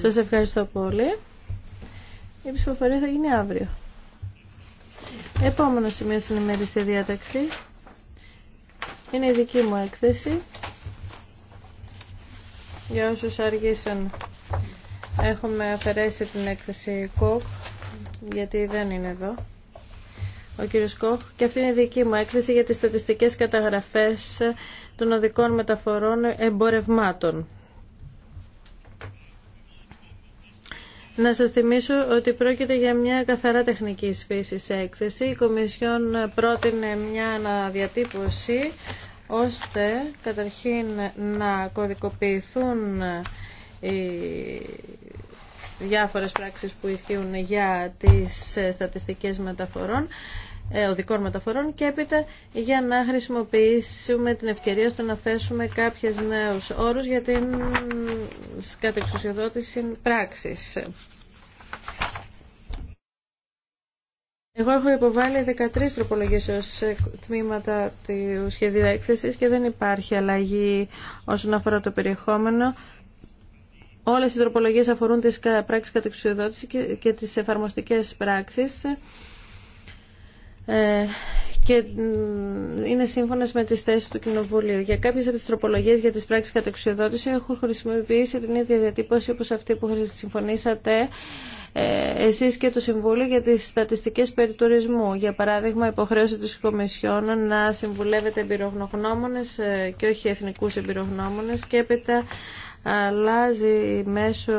Σας ευχαριστώ πολύ. Η ψηφοφορία θα γίνει αύριο. Επόμενο σημείο στην ημέρηση διάταξη είναι η δική μου έκθεση. Για όσους αργήσαν έχουμε αφαιρέσει την έκθεση ΚΟΚ γιατί δεν είναι εδώ ο κύριος Κοκ. και αυτή είναι η δική μου έκθεση για τις στατιστικές καταγραφές των οδικών μεταφορών εμπορευμάτων. Να σας θυμίσω ότι πρόκειται για μια καθαρά τεχνική φύση έκθεση. Η Κομισιόν πρότεινε μια αναδιατύπωση ώστε καταρχήν να κωδικοποιηθούν οι διάφορες πράξεις που ισχύουν για τις στατιστικές μεταφορών ε, οδικών μεταφορών και έπειτα για να χρησιμοποιήσουμε την ευκαιρία στο να θέσουμε κάποιες νέους όρους για την κατεξουσιοδότηση πράξης. Εγώ έχω υποβάλει 13 τροπολογίες ως ε, τμήματα του σχεδίου έκθεσης και δεν υπάρχει αλλαγή όσον αφορά το περιεχόμενο. Όλες οι τροπολογίες αφορούν τις πράξεις κατεξουσιοδότηση και τις εφαρμοστικές πράξεις. Ε, και είναι σύμφωνε με τι θέσει του Κοινοβουλίου. Για κάποιε από τι τροπολογίε για τι πράξει κατεξουδότηση έχω χρησιμοποιήσει την ίδια διατύπωση όπω αυτή που συμφωνήσατε ε, εσείς και το Συμβούλιο για τις στατιστικές περί τουρισμού. Για παράδειγμα, υποχρέωση της Κομισιόν να συμβουλεύεται εμπειρογνωμόνες ε, και όχι εθνικούς εμπειρογνώμονες και έπειτα αλλάζει μέσω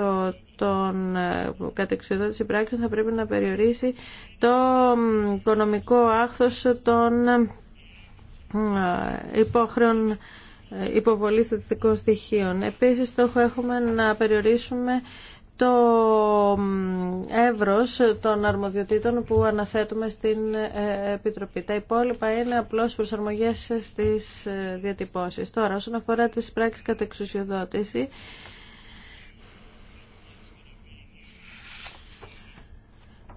των ε, κατεξοδότηση πράξεων θα πρέπει να περιορίσει το οικονομικό άχθος των ε, υπόχρεων ε, υποβολή στατιστικών στοιχείων. Επίσης, στόχο έχουμε να περιορίσουμε το εύρος των αρμοδιοτήτων που αναθέτουμε στην Επιτροπή. Τα υπόλοιπα είναι απλώς προσαρμογές στις διατυπώσεις. Τώρα, όσον αφορά τις πράξεις κατά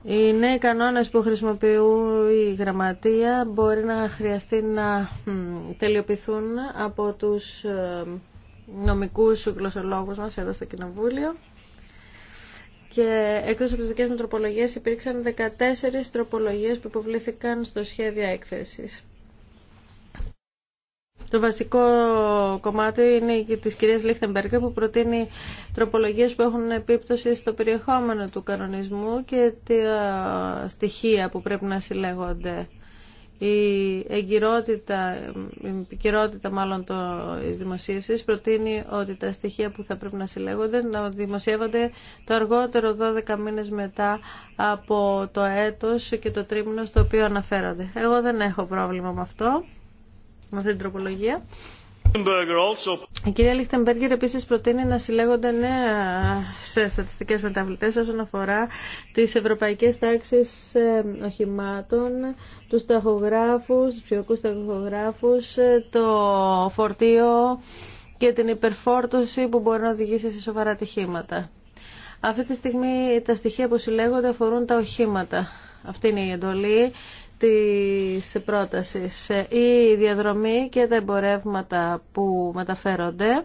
Οι νέοι κανόνε που χρησιμοποιούν η γραμματεία μπορεί να χρειαστεί να τελειοποιηθούν από τους ε, νομικούς γλωσσολόγου μα εδώ στο Κοινοβούλιο. Και εκτό από τι δικέ μου τροπολογίες υπήρξαν 14 τροπολογίες που υποβλήθηκαν στο σχέδιο έκθεσης. Το βασικό κομμάτι είναι τη κυρία Λίχτεμπεργκερ που προτείνει τροπολογίε που έχουν επίπτωση στο περιεχόμενο του κανονισμού και τα στοιχεία που πρέπει να συλλέγονται. Η εγκυρότητα, η μάλλον τη δημοσίευση προτείνει ότι τα στοιχεία που θα πρέπει να συλλέγονται να δημοσιεύονται το αργότερο 12 μήνε μετά από το έτος και το τρίμηνο στο οποίο αναφέρονται. Εγώ δεν έχω πρόβλημα με αυτό με αυτή την τροπολογία. Η κυρία Λιχτεμπέργκερ επίση προτείνει να συλλέγονται νέα σε στατιστικέ μεταβλητέ όσον αφορά τι ευρωπαϊκέ τάξει ε, οχημάτων, του ταχογράφου, του ψηφιακού ταχογράφου, ε, το φορτίο και την υπερφόρτωση που μπορεί να οδηγήσει σε σοβαρά ατυχήματα. Αυτή τη στιγμή τα στοιχεία που συλλέγονται αφορούν τα οχήματα. Αυτή είναι η εντολή της πρότασης. Η διαδρομή και τα εμπορεύματα που μεταφέρονται.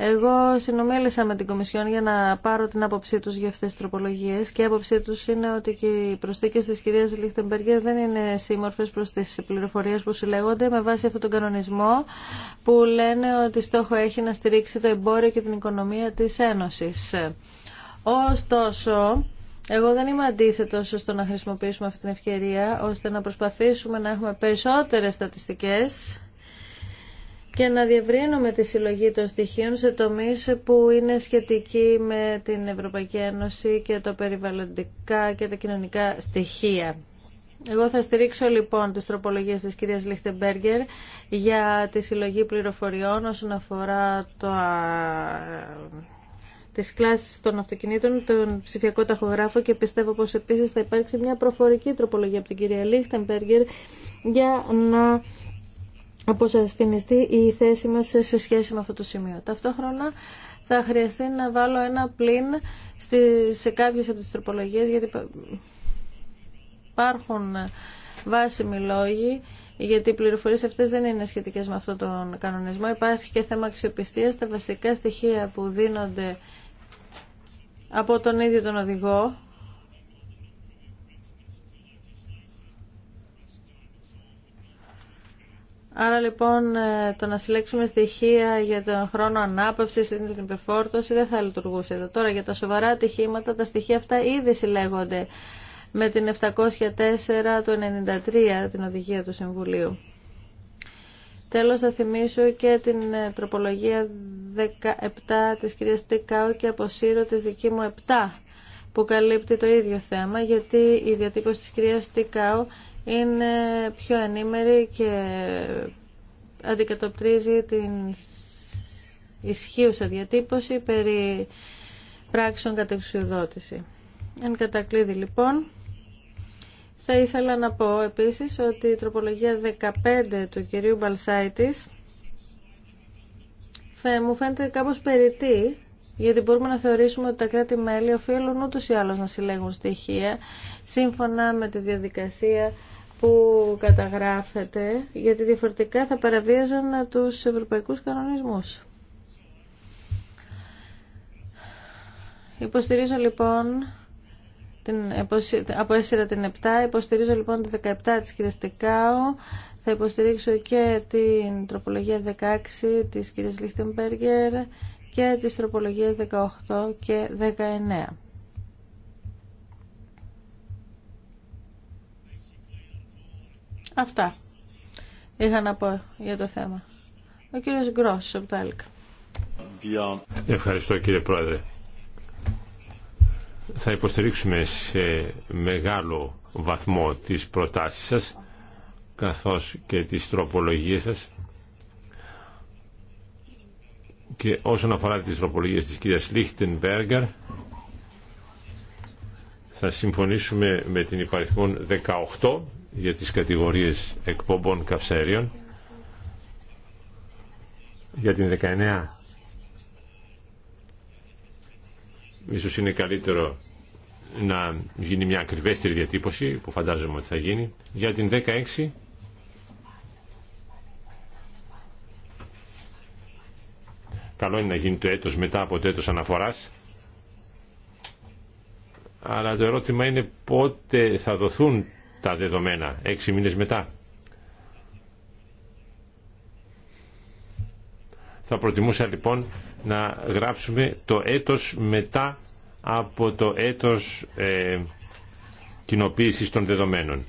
Εγώ συνομίλησα με την Κομισιόν για να πάρω την άποψή τους για αυτές τις τροπολογίες και η άποψή τους είναι ότι και οι προσθήκες της κυρίας Λιχτεμπεργίας δεν είναι σύμμορφες προς τις πληροφορίες που συλλέγονται με βάση αυτόν τον κανονισμό που λένε ότι στόχο έχει να στηρίξει το εμπόριο και την οικονομία της Ένωσης. Ωστόσο, εγώ δεν είμαι αντίθετο στο να χρησιμοποιήσουμε αυτή την ευκαιρία ώστε να προσπαθήσουμε να έχουμε περισσότερες στατιστικές και να διευρύνουμε τη συλλογή των στοιχείων σε τομείς που είναι σχετικοί με την Ευρωπαϊκή Ένωση και τα περιβαλλοντικά και τα κοινωνικά στοιχεία. Εγώ θα στηρίξω λοιπόν τις τροπολογίες της κυρίας Λιχτεμπέργκερ για τη συλλογή πληροφοριών όσον αφορά το Τη κλάση των αυτοκινήτων, τον ψηφιακό ταχογράφο και πιστεύω πω επίση θα υπάρξει μια προφορική τροπολογία από την κυρία Λίχτεμπεργκερ για να αποσαφινιστεί η θέση μα σε σχέση με αυτό το σημείο. Ταυτόχρονα θα χρειαστεί να βάλω ένα πλήν σε κάποιε από τι τροπολογίε, γιατί υπάρχουν βάσιμοι λόγοι γιατί οι πληροφορίες αυτές δεν είναι σχετικές με αυτόν τον κανονισμό. Υπάρχει και θέμα αξιοπιστίας. Τα βασικά στοιχεία που δίνονται από τον ίδιο τον οδηγό Άρα λοιπόν ε, το να συλλέξουμε στοιχεία για τον χρόνο ανάπαυση ή την υπερφόρτωση δεν θα λειτουργούσε εδώ. Τώρα για τα σοβαρά ατυχήματα τα στοιχεία αυτά ήδη συλλέγονται με την 704 του 93 την οδηγία του Συμβουλίου. Τέλος θα θυμίσω και την ε, τροπολογία 17 της κυρίας Τικάου και αποσύρω τη δική μου 7 που καλύπτει το ίδιο θέμα γιατί η διατύπωση της κυρίας Τικάου είναι πιο ενήμερη και αντικατοπτρίζει την ισχύουσα διατύπωση περί πράξεων κατεξουδότηση. Εν κατακλείδη λοιπόν, θα ήθελα να πω επίσης ότι η τροπολογία 15 του κυρίου Μπαλσάιτης μου φαίνεται κάπω περιττή, γιατί μπορούμε να θεωρήσουμε ότι τα κράτη-μέλη οφείλουν ούτω ή άλλω να συλλέγουν στοιχεία σύμφωνα με τη διαδικασία που καταγράφεται, γιατί διαφορετικά θα παραβίαζαν τους ευρωπαϊκούς κανονισμούς. Υποστηρίζω λοιπόν την, από έσυρα την 7, υποστηρίζω λοιπόν την 17 της κυρίας θα υποστηρίξω και την τροπολογία 16 της κυρίας Λίχτεμπεργκερ και τις τροπολογίες 18 και 19. Αυτά είχα να πω για το θέμα. Ο κύριος Γκρός από το ΕΛΚ. Ευχαριστώ κύριε Πρόεδρε. Θα υποστηρίξουμε σε μεγάλο βαθμό τις προτάσεις σας καθώς και τις τροπολογίες σας και όσον αφορά τις τροπολογίες της κυρίας Λίχτενμπέργκερ θα συμφωνήσουμε με την υπαριθμόν 18 για τις κατηγορίες εκπομπών καυσαερίων για την 19 ίσως είναι καλύτερο να γίνει μια ακριβέστερη διατύπωση που φαντάζομαι ότι θα γίνει για την 16 Καλό είναι να γίνει το έτος μετά από το έτος αναφοράς. Αλλά το ερώτημα είναι πότε θα δοθούν τα δεδομένα, έξι μήνες μετά. Θα προτιμούσα λοιπόν να γράψουμε το έτος μετά από το έτος ε, κοινοποίησης των δεδομένων.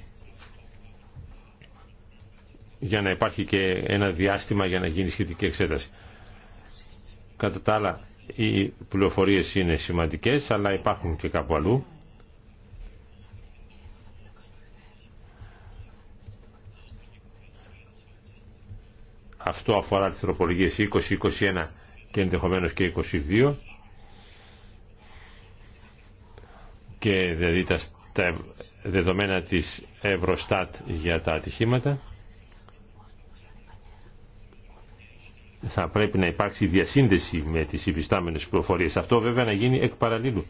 Για να υπάρχει και ένα διάστημα για να γίνει σχετική εξέταση. Κατά τα άλλα, οι πληροφορίε είναι σημαντικές, αλλά υπάρχουν και κάπου αλλού. Αυτό αφορά τις τροπολογίες 20, 21 και ενδεχομένω και 22. Και δηλαδή τα δεδομένα της Ευρωστάτ για τα ατυχήματα. θα πρέπει να υπάρξει διασύνδεση με τις υφιστάμενες πληροφορίες. Αυτό βέβαια να γίνει εκ παραλίλου,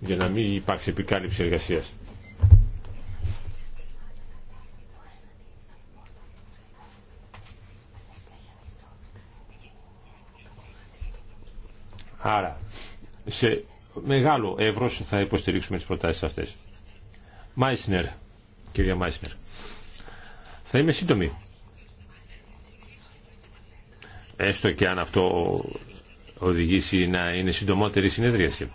για να μην υπάρξει επικάλυψη εργασίας. Άρα, σε μεγάλο εύρος θα υποστηρίξουμε τις προτάσεις αυτές. Μάισνερ, κυρία Μάισνερ. Θα είμαι σύντομη έστω και αν αυτό οδηγήσει να είναι συντομότερη συνεδρίαση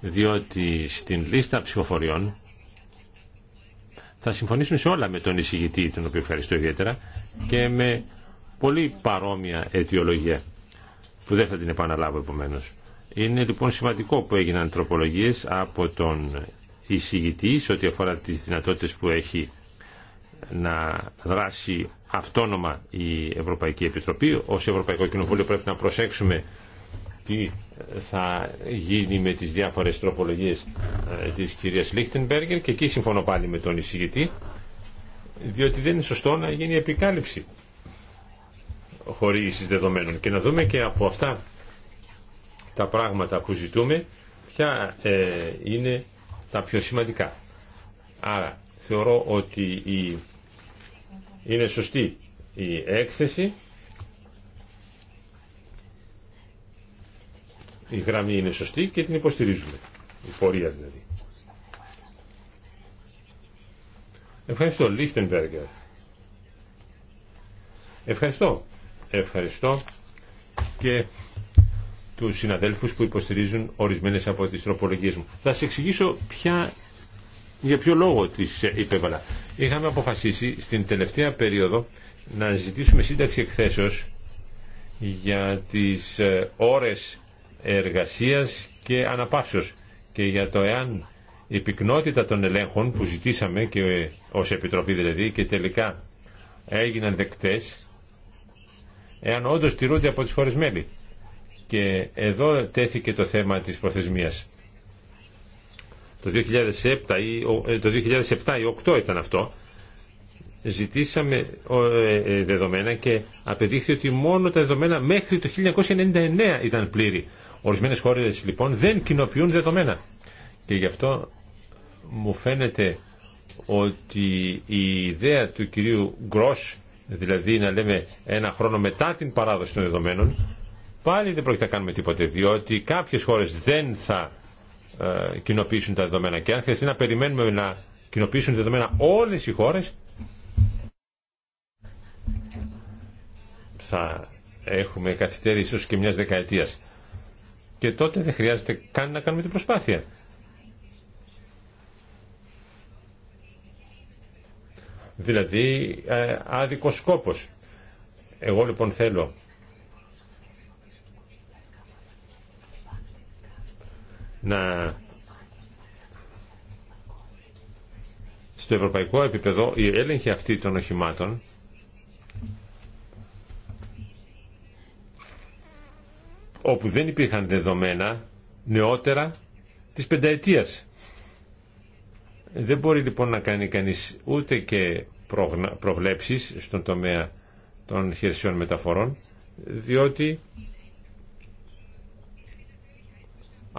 διότι στην λίστα ψηφοφοριών θα συμφωνήσουμε σε όλα με τον εισηγητή τον οποίο ευχαριστώ ιδιαίτερα και με πολύ παρόμοια αιτιολογία που δεν θα την επαναλάβω επομένω. Είναι λοιπόν σημαντικό που έγιναν τροπολογίες από τον εισηγητή σε ό,τι αφορά τις δυνατότητες που έχει να δράσει αυτόνομα η Ευρωπαϊκή Επιτροπή. Ως Ευρωπαϊκό Κοινοβούλιο πρέπει να προσέξουμε τι θα γίνει με τις διάφορες τροπολογίες ε, της κυρίας Λίχτενμπέργκερ και εκεί συμφωνώ πάλι με τον εισηγητή διότι δεν είναι σωστό να γίνει επικάλυψη χορήγησης δεδομένων και να δούμε και από αυτά τα πράγματα που ζητούμε ποια ε, είναι τα πιο σημαντικά. Άρα Θεωρώ ότι η... είναι σωστή η έκθεση. Η γραμμή είναι σωστή και την υποστηρίζουμε. Η πορεία δηλαδή. Ευχαριστώ, Λίχτενμπεργκερ. Ευχαριστώ. Ευχαριστώ και τους συναδέλφους που υποστηρίζουν ορισμένες από τις τροπολογίες μου. Θα σας εξηγήσω ποια για ποιο λόγο τις ε, υπέβαλα. Είχαμε αποφασίσει στην τελευταία περίοδο να ζητήσουμε σύνταξη εκθέσεω για τις ε, ώρες εργασίας και αναπαύσεως και για το εάν η πυκνότητα των ελέγχων που ζητήσαμε και ε, ως Επιτροπή δηλαδή και τελικά έγιναν δεκτές εάν όντως τηρούνται από τις χώρες μέλη. Και εδώ τέθηκε το θέμα της προθεσμίας το 2007 ή, ε, το 2007 ή 2008 ήταν αυτό, ζητήσαμε ε, ε, δεδομένα και απεδείχθη ότι μόνο τα δεδομένα μέχρι το 1999 ήταν πλήρη. Ορισμένες χώρες λοιπόν δεν κοινοποιούν δεδομένα. Και γι' αυτό μου φαίνεται ότι η ιδέα του κυρίου Γκρός, δηλαδή να λέμε ένα χρόνο μετά την παράδοση των δεδομένων, πάλι δεν πρόκειται να κάνουμε τίποτε, διότι κάποιες χώρες δεν θα ε, κοινοποιήσουν τα δεδομένα και αν χρειαστεί να περιμένουμε να κοινοποιήσουν τα δεδομένα όλες οι χώρες θα έχουμε καθυστέρηση ίσως και μιας δεκαετίας και τότε δεν χρειάζεται καν να κάνουμε την προσπάθεια. Δηλαδή ε, άδικος σκόπος. Εγώ λοιπόν θέλω να στο ευρωπαϊκό επίπεδο η έλεγχη αυτή των οχημάτων όπου δεν υπήρχαν δεδομένα νεότερα της πενταετίας. Δεν μπορεί λοιπόν να κάνει κανείς ούτε και προβλέψεις στον τομέα των χερσιών μεταφορών διότι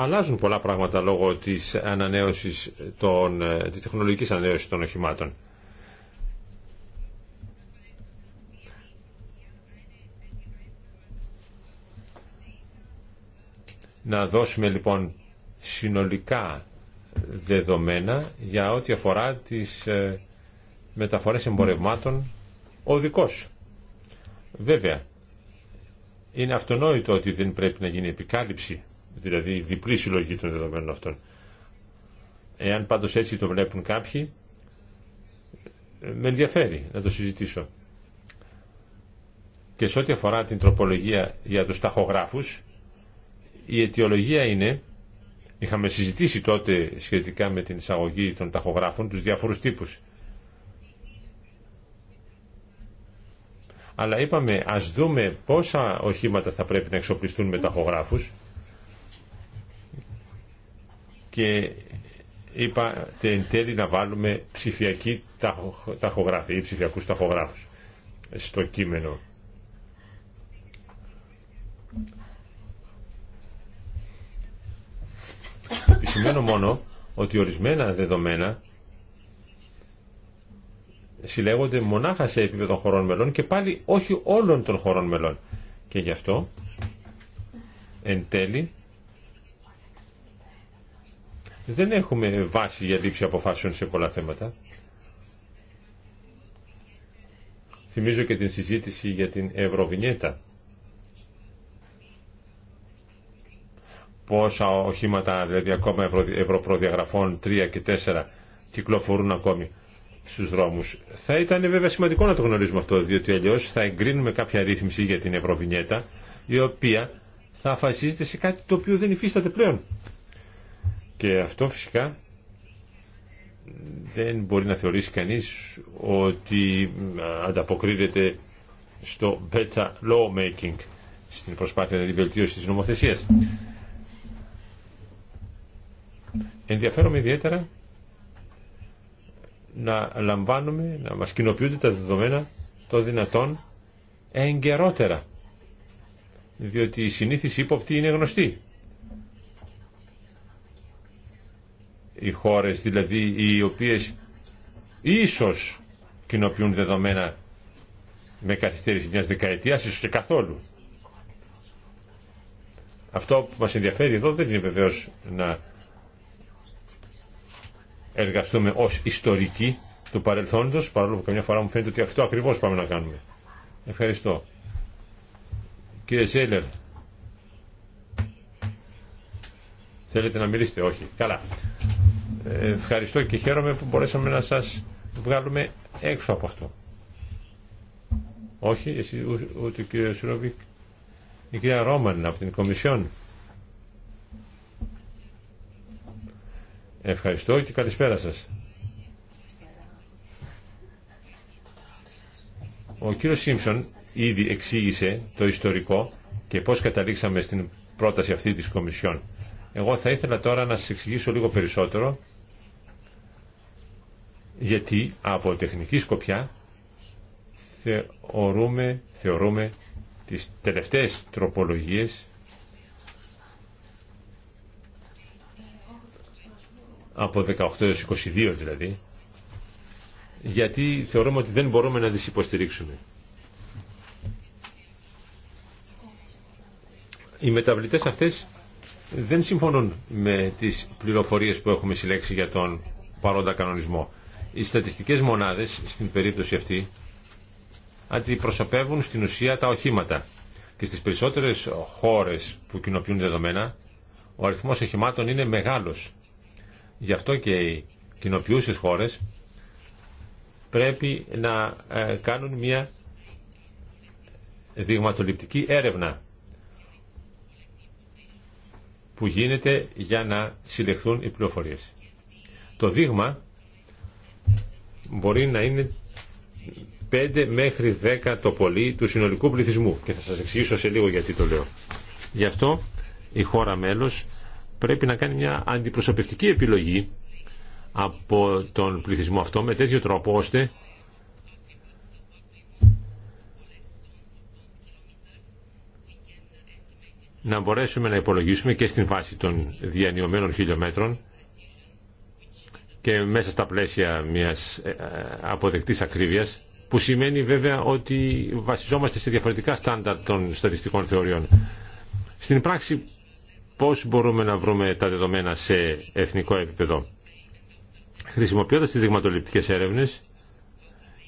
αλλάζουν πολλά πράγματα λόγω της, ανανέωσης των, ε, της τεχνολογικής ανανέωσης των οχημάτων. Να δώσουμε λοιπόν συνολικά δεδομένα για ό,τι αφορά τις ε, μεταφορές εμπορευμάτων οδικός. Βέβαια, είναι αυτονόητο ότι δεν πρέπει να γίνει επικάλυψη δηλαδή διπλή συλλογή των δεδομένων αυτών. Εάν πάντως έτσι το βλέπουν κάποιοι, με ενδιαφέρει να το συζητήσω. Και σε ό,τι αφορά την τροπολογία για τους ταχογράφους, η αιτιολογία είναι, είχαμε συζητήσει τότε σχετικά με την εισαγωγή των ταχογράφων, τους διάφορους τύπους. Αλλά είπαμε, ας δούμε πόσα οχήματα θα πρέπει να εξοπλιστούν με ταχογράφους και είπα εν τέλει να βάλουμε ψηφιακή ταχογράφη ή ψηφιακούς ταχογράφους στο κείμενο. Επισημαίνω μόνο ότι ορισμένα δεδομένα συλλέγονται μονάχα σε επίπεδο των χωρών μελών και πάλι όχι όλων των χωρών μελών. Και γι' αυτό εν τέλει δεν έχουμε βάση για λήψη αποφάσεων σε πολλά θέματα. Θυμίζω και την συζήτηση για την Ευρωβινιέτα. Πόσα οχήματα, δηλαδή ακόμα ευρω, ευρωπροδιαγραφών 3 και 4 κυκλοφορούν ακόμη στους δρόμους. Θα ήταν βέβαια σημαντικό να το γνωρίζουμε αυτό, διότι αλλιώ θα εγκρίνουμε κάποια ρύθμιση για την Ευρωβινιέτα, η οποία θα αφασίζεται σε κάτι το οποίο δεν υφίσταται πλέον. Και αυτό φυσικά δεν μπορεί να θεωρήσει κανείς ότι ανταποκρίνεται στο better making στην προσπάθεια να δηλαδή, βελτίωση της νομοθεσίας. Ενδιαφέρομαι ιδιαίτερα να λαμβάνουμε, να μας κοινοποιούνται τα δεδομένα το δυνατόν εγκαιρότερα. Διότι η συνήθιση ύποπτη είναι γνωστή. οι χώρες δηλαδή οι οποίες ίσως κοινοποιούν δεδομένα με καθυστέρηση μιας δεκαετίας, ίσως και καθόλου. Αυτό που μας ενδιαφέρει εδώ δεν είναι βεβαίως να εργαστούμε ως ιστορικοί του παρελθόντος, παρόλο που καμιά φορά μου φαίνεται ότι αυτό ακριβώς πάμε να κάνουμε. Ευχαριστώ. Κύριε Σέλερ θέλετε να μιλήσετε, όχι. Καλά. Ευχαριστώ και χαίρομαι που μπορέσαμε να σας βγάλουμε έξω από αυτό. Όχι, εσύ, ούτε ο κύριο Σιρόβικ, η κυρία Ρόμαν από την Κομισιόν. Ευχαριστώ και καλησπέρα σας. Ο κύριος Σίμψον ήδη εξήγησε το ιστορικό και πώς καταλήξαμε στην πρόταση αυτή της Κομισιόν. Εγώ θα ήθελα τώρα να σας εξηγήσω λίγο περισσότερο γιατί από τεχνική σκοπιά θεωρούμε, θεωρούμε τις τελευταίες τροπολογίες από 18 έως 22 δηλαδή γιατί θεωρούμε ότι δεν μπορούμε να τις υποστηρίξουμε. Οι μεταβλητές αυτές δεν συμφωνούν με τις πληροφορίες που έχουμε συλλέξει για τον παρόντα κανονισμό. Οι στατιστικές μονάδες στην περίπτωση αυτή αντιπροσωπεύουν στην ουσία τα οχήματα και στις περισσότερες χώρες που κοινοποιούν δεδομένα ο αριθμός οχημάτων είναι μεγάλος. Γι' αυτό και οι κοινοποιούσες χώρες πρέπει να ε, κάνουν μια δειγματοληπτική έρευνα που γίνεται για να συλλεχθούν οι πληροφορίες. Το δείγμα μπορεί να είναι 5 μέχρι 10 το πολύ του συνολικού πληθυσμού και θα σας εξηγήσω σε λίγο γιατί το λέω. Γι' αυτό η χώρα μέλος πρέπει να κάνει μια αντιπροσωπευτική επιλογή από τον πληθυσμό αυτό με τέτοιο τρόπο ώστε να μπορέσουμε να υπολογίσουμε και στην βάση των διανυωμένων χιλιόμετρων και μέσα στα πλαίσια μιας ε, ε, αποδεκτής ακρίβειας που σημαίνει βέβαια ότι βασιζόμαστε σε διαφορετικά στάνταρ των στατιστικών θεωριών. Στην πράξη πώς μπορούμε να βρούμε τα δεδομένα σε εθνικό επίπεδο. Χρησιμοποιώντας τις δειγματοληπτικές έρευνες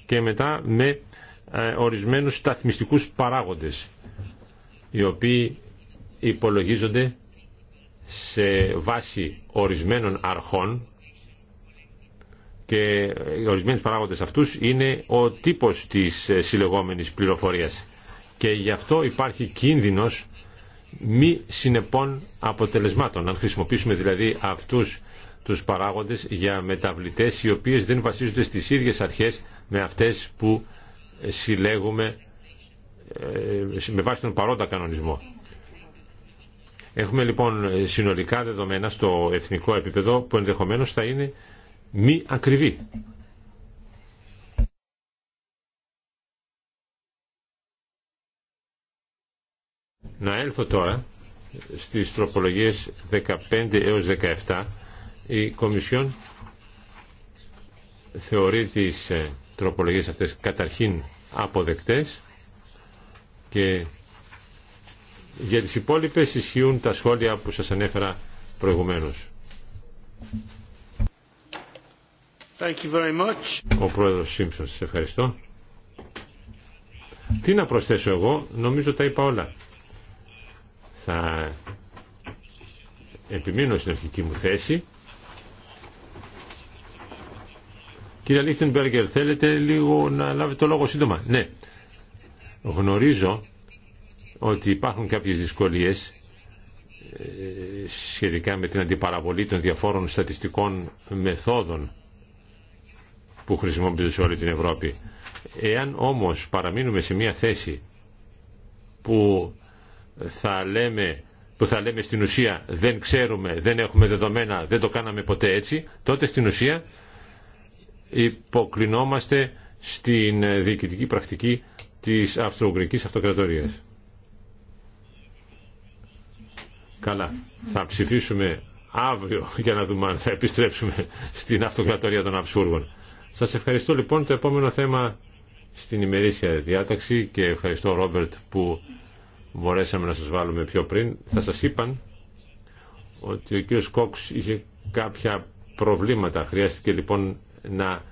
και μετά με ε, ορισμένους σταθμιστικούς παράγοντες οι οποίοι υπολογίζονται σε βάση ορισμένων αρχών και ορισμένοι παράγοντες αυτούς είναι ο τύπος της συλλεγόμενης πληροφορίας και γι' αυτό υπάρχει κίνδυνος μη συνεπών αποτελεσμάτων. Αν χρησιμοποιήσουμε δηλαδή αυτούς τους παράγοντες για μεταβλητές οι οποίες δεν βασίζονται στις ίδιες αρχές με αυτές που συλλέγουμε ε, με βάση τον παρόντα κανονισμό. Έχουμε λοιπόν συνολικά δεδομένα στο εθνικό επίπεδο που ενδεχομένως θα είναι μη ακριβή. Να έλθω τώρα στις τροπολογίες 15 έως 17. Η Κομισιόν θεωρεί τις ε, τροπολογίες αυτές καταρχήν αποδεκτές και για τις υπόλοιπες ισχύουν τα σχόλια που σας ανέφερα προηγουμένως. Ο πρόεδρος Σίμψον, σας ευχαριστώ. Τι να προσθέσω εγώ, νομίζω τα είπα όλα. Θα επιμείνω στην αρχική μου θέση. Κύριε Λίχτενμπεργκερ, θέλετε λίγο να λάβετε το λόγο σύντομα. Ναι, γνωρίζω ότι υπάρχουν κάποιες δυσκολίες ε, σχετικά με την αντιπαραβολή των διαφόρων στατιστικών μεθόδων που χρησιμοποιούνται σε όλη την Ευρώπη. Εάν όμως παραμείνουμε σε μια θέση που θα λέμε που θα λέμε στην ουσία δεν ξέρουμε, δεν έχουμε δεδομένα, δεν το κάναμε ποτέ έτσι, τότε στην ουσία υποκλεινόμαστε στην διοικητική πρακτική της Αυτοκρατορίας. Καλά, θα ψηφίσουμε αύριο για να δούμε αν θα επιστρέψουμε στην Αυτοκρατορία των Αυσούργων. Σας ευχαριστώ λοιπόν το επόμενο θέμα στην ημερήσια διάταξη και ευχαριστώ Ρόμπερτ που μπορέσαμε να σας βάλουμε πιο πριν. Θα σας είπαν ότι ο κύριος Κόξ είχε κάποια προβλήματα. Χρειάστηκε λοιπόν να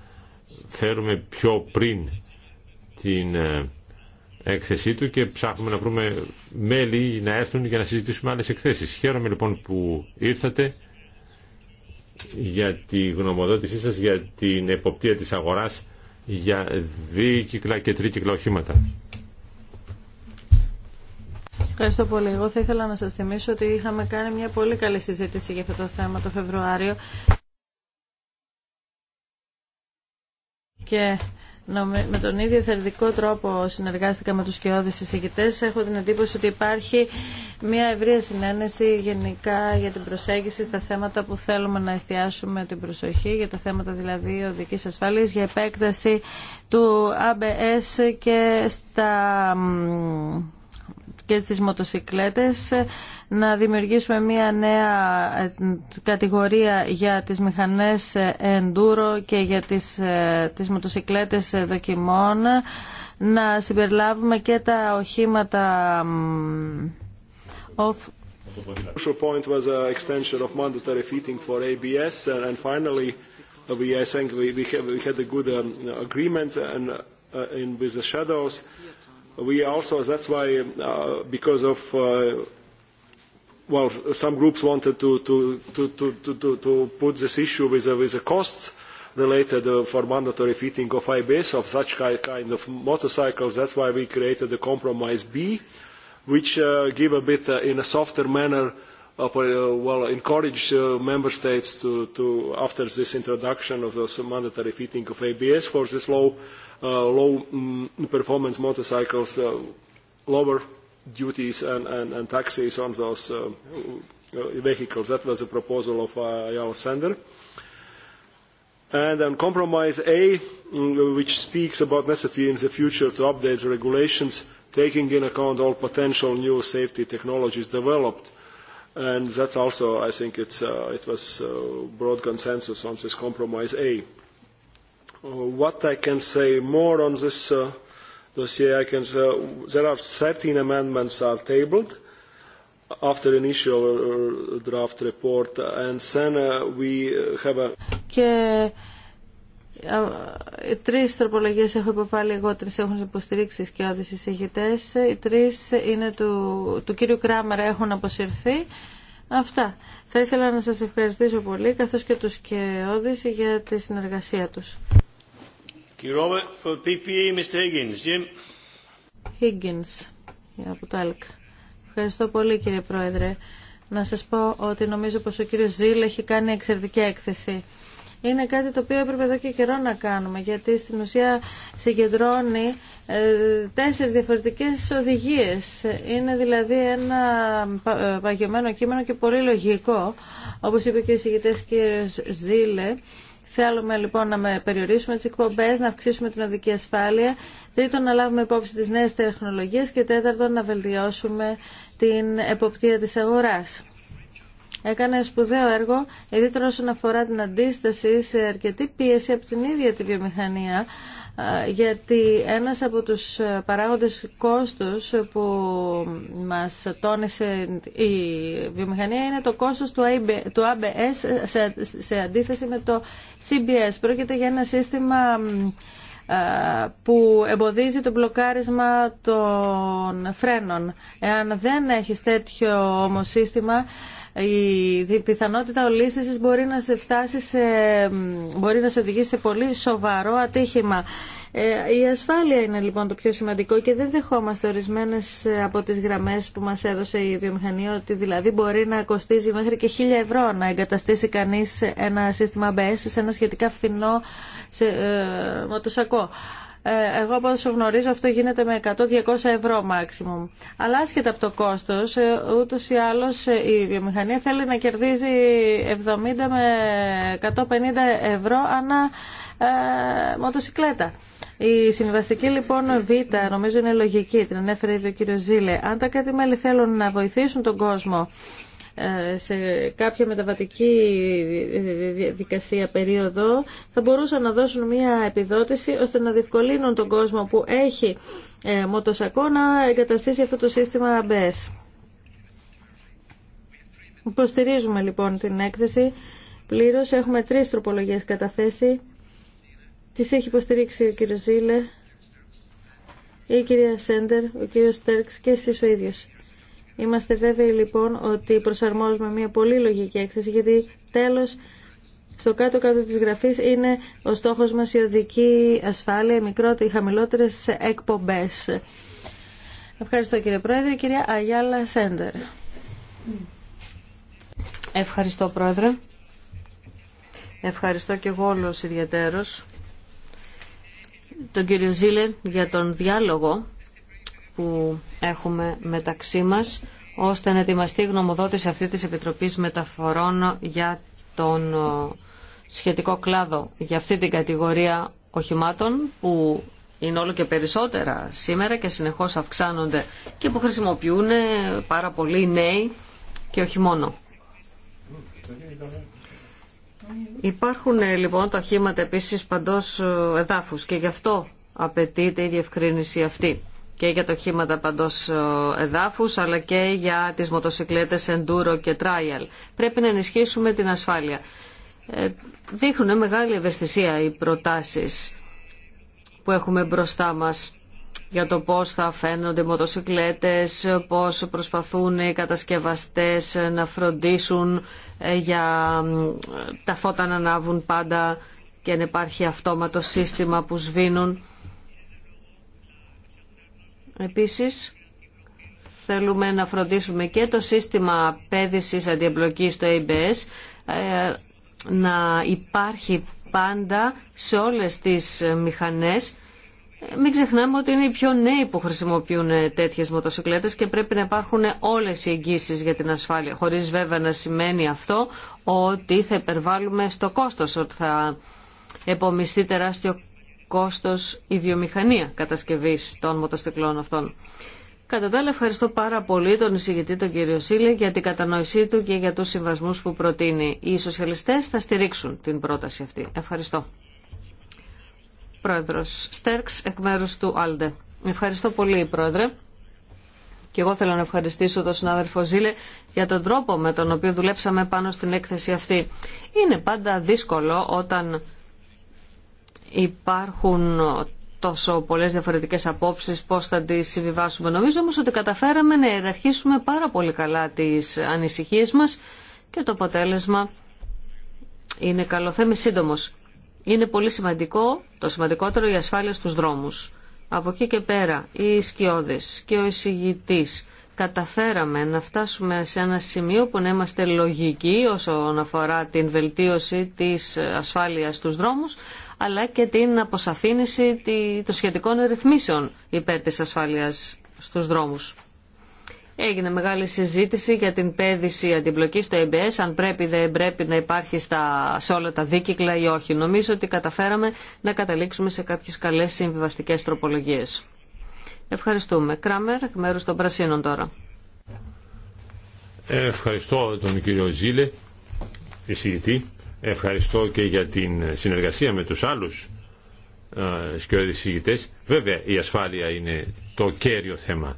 φέρουμε πιο πριν την ε, έκθεσή του και ψάχνουμε να βρούμε μέλη να έρθουν για να συζητήσουμε άλλες εκθέσεις. Χαίρομαι λοιπόν που ήρθατε για τη γνωμοδότησή σας για την εποπτεία της αγοράς για δίκυκλα και τρίκυκλα οχήματα. Ευχαριστώ πολύ. Εγώ θα ήθελα να σας θυμίσω ότι είχαμε κάνει μια πολύ καλή συζήτηση για αυτό το θέμα το Φεβρουάριο και με τον ίδιο θερδικό τρόπο συνεργάστηκα με τους σκιώδεις εισηγητές. Έχω την εντύπωση ότι υπάρχει μια ευρεία συνένεση γενικά για την προσέγγιση στα θέματα που θέλουμε να εστιάσουμε την προσοχή, για τα θέματα δηλαδή οδικής ασφάλειας, για επέκταση του ABS και στα και τις μοτοσικλέτες, ε, να δημιουργήσουμε μια νέα ε, κατηγορία για τις μηχανές ε, enduro και για τις, τις μοτοσικλέτες δοκιμών, να συμπεριλάβουμε και τα οχήματα off crucial point was an extension of mandatory fitting for ABS, uh, and finally, uh, we I think we had a good um, agreement uh, and with the shadows we also that's why because of well some groups wanted to to to to to put this issue with the costs related for mandatory fitting of IBS of such kind of motorcycles that's why we created the compromise B which give a bit in a softer manner well encourage member states to to after this introduction of the mandatory fitting of ABS for this law low performance motorcycles, lower duties and taxes on those vehicles. That was a proposal of Ayala Sander. And then compromise A, which speaks about necessity in the future to update the regulations, taking in account all potential new safety technologies developed. And that's also, I think, it was broad consensus on this compromise A. Uh, what I can say more on this uh, dossier, I can say uh, there are 13 amendments are tabled after initial draft report, and then we have a. Και τρεις τροπολογίες έχω υποβάλει εγώ, τρεις έχουν υποστηρίξει και άδειες εισηγητές. Οι τρεις είναι του, του κύριου Κράμερ έχουν αποσυρθεί. Αυτά. Θα ήθελα να σας ευχαριστήσω πολύ, καθώς και τους και για τη συνεργασία τους. Ευχαριστώ πολύ κύριε Πρόεδρε. Να σας πω ότι νομίζω πως ο κύριος Ζήλ έχει κάνει εξαιρετική έκθεση. Είναι κάτι το οποίο έπρεπε εδώ και καιρό να κάνουμε, γιατί στην ουσία συγκεντρώνει ε, τέσσερις διαφορετικές οδηγίες. Είναι δηλαδή ένα ε, παγιωμένο κείμενο και πολύ λογικό, όπως είπε και ο εισηγητές κύριος Ζήλε, Θέλουμε λοιπόν να με περιορίσουμε τι εκπομπέ, να αυξήσουμε την οδική ασφάλεια. Τρίτον, να λάβουμε υπόψη τι νέε τεχνολογίε. Και τέταρτον, να βελτιώσουμε την εποπτεία τη αγορά. Έκανε σπουδαίο έργο, ιδιαίτερα όσον αφορά την αντίσταση σε αρκετή πίεση από την ίδια τη βιομηχανία, γιατί ένας από τους ε, παράγοντες κόστος που μας τόνισε η βιομηχανία είναι το κόστος του ABS σε αντίθεση με το CBS. Πρόκειται για ένα σύστημα που εμποδίζει το μπλοκάρισμα των φρένων. Εάν δεν έχεις τέτοιο όμως σύστημα, η πιθανότητα ολίσθησης μπορεί να σε φτάσει μπορεί να σε οδηγήσει σε πολύ σοβαρό ατύχημα. Ε, η ασφάλεια είναι λοιπόν το πιο σημαντικό και δεν δεχόμαστε ορισμένες ε, από τις γραμμές που μας έδωσε η βιομηχανία ότι δηλαδή μπορεί να κοστίζει μέχρι και χίλια ευρώ να εγκαταστήσει κανείς ένα σύστημα ABS σε ένα σχετικά φθηνό ε, μοτοσακό. Ε, εγώ όπω γνωρίζω αυτό γίνεται με 100-200 ευρώ maximum. Αλλά άσχετα από το κόστος, ε, ούτως ή άλλως ε, η βιομηχανία θέλει να κερδίζει 70 με 150 ευρώ ανά ε, μοτοσυκλέτα. Η συμβαστική λοιπόν Β νομίζω είναι λογική, την ανέφερε ήδη ο κύριο Ζήλε. Αν τα κάτι μέλη θέλουν να βοηθήσουν τον κόσμο σε κάποια μεταβατική διαδικασία περίοδο θα μπορούσαν να δώσουν μια επιδότηση ώστε να διευκολύνουν τον κόσμο που έχει ε, μοτοσακό να εγκαταστήσει αυτό το σύστημα ABS. Υποστηρίζουμε λοιπόν την έκθεση πλήρως. Έχουμε τρεις τροπολογίες καταθέσει. Τις έχει υποστηρίξει ο κύριος Ζήλε, η κυρία Σέντερ, ο κύριος Στέρξ και εσείς ο ίδιος. Είμαστε βέβαιοι λοιπόν ότι προσαρμόζουμε μια πολύ λογική έκθεση γιατί τέλος στο κάτω-κάτω της γραφής είναι ο στόχος μας η οδική ασφάλεια, μικρότερη, χαμηλότερες εκπομπές. Ευχαριστώ κύριε Πρόεδρε. Κυρία Αγιάλα Σέντερ. Ευχαριστώ Πρόεδρε. Ευχαριστώ και εγώ όλος ιδιαίτερος τον κύριο Ζήλε για τον διάλογο που έχουμε μεταξύ μας ώστε να ετοιμαστεί η γνωμοδότηση αυτή της Επιτροπής Μεταφορών για τον ε, σχετικό κλάδο, για αυτή την κατηγορία οχημάτων που είναι όλο και περισσότερα σήμερα και συνεχώς αυξάνονται και που χρησιμοποιούν ε, πάρα πολλοί νέοι και όχι μόνο. Υπάρχουν ε, λοιπόν τα οχήματα επίσης παντός εδάφους και γι' αυτό απαιτείται η διευκρίνηση αυτή και για τα οχήματα παντός ε, εδάφους αλλά και για τις μοτοσυκλέτε Enduro και Trial. Πρέπει να ενισχύσουμε την ασφάλεια. Ε, δείχνουν μεγάλη ευαισθησία οι προτάσεις που έχουμε μπροστά μας για το πώς θα φαίνονται οι μοτοσυκλέτες, πώς προσπαθούν οι κατασκευαστές να φροντίσουν ε, για τα φώτα να ανάβουν πάντα και να υπάρχει αυτόματο σύστημα που σβήνουν. Επίσης, θέλουμε να φροντίσουμε και το σύστημα πέδησης αντιεμπλοκής στο ABS ε, να υπάρχει πάντα σε όλες τις μηχανές. Μην ξεχνάμε ότι είναι οι πιο νέοι που χρησιμοποιούν τέτοιες μοτοσυκλέτες και πρέπει να υπάρχουν όλες οι εγγύσεις για την ασφάλεια. Χωρίς βέβαια να σημαίνει αυτό ότι θα υπερβάλλουμε στο κόστος, ότι θα επομιστεί τεράστιο κόστος η βιομηχανία κατασκευής των μοτοστικλών αυτών. Κατά τα ευχαριστώ πάρα πολύ τον εισηγητή τον κύριο Σίλε για την κατανόησή του και για τους συμβασμούς που προτείνει. Οι σοσιαλιστές θα στηρίξουν την πρόταση αυτή. Ευχαριστώ. Πρόεδρος Στέρξ, εκ μέρους του Άλντε. Ευχαριστώ πολύ, Πρόεδρε. Και εγώ θέλω να ευχαριστήσω τον συνάδελφο Ζήλε για τον τρόπο με τον οποίο δουλέψαμε πάνω στην έκθεση αυτή. Είναι πάντα δύσκολο όταν υπάρχουν τόσο πολλές διαφορετικές απόψεις πώς θα τις συμβιβάσουμε. Νομίζω όμως ότι καταφέραμε να ιεραρχήσουμε πάρα πολύ καλά τις ανησυχίες μας και το αποτέλεσμα είναι καλό. Θα Είναι πολύ σημαντικό, το σημαντικότερο, η ασφάλεια στους δρόμους. Από εκεί και πέρα, οι σκιώδες και ο εισηγητής καταφέραμε να φτάσουμε σε ένα σημείο που να είμαστε λογικοί όσον αφορά την βελτίωση της ασφάλειας στους δρόμους, αλλά και την αποσαφήνιση των σχετικών ρυθμίσεων υπέρ της ασφάλειας στους δρόμους. Έγινε μεγάλη συζήτηση για την πέδηση αντιπλοκή στο ΕΜΠΕΣ, αν πρέπει ή δεν πρέπει να υπάρχει στα, σε όλα τα δίκυκλα ή όχι. Νομίζω ότι καταφέραμε να καταλήξουμε σε κάποιες καλές συμβιβαστικές τροπολογίες. Ευχαριστούμε. Κράμερ, εκ μέρους των Πρασίνων τώρα. Ευχαριστώ τον κύριο Ζήλε, εισηγητή. Ευχαριστώ και για την συνεργασία με τους άλλους σκιώδης Βέβαια η ασφάλεια είναι το κέριο θέμα.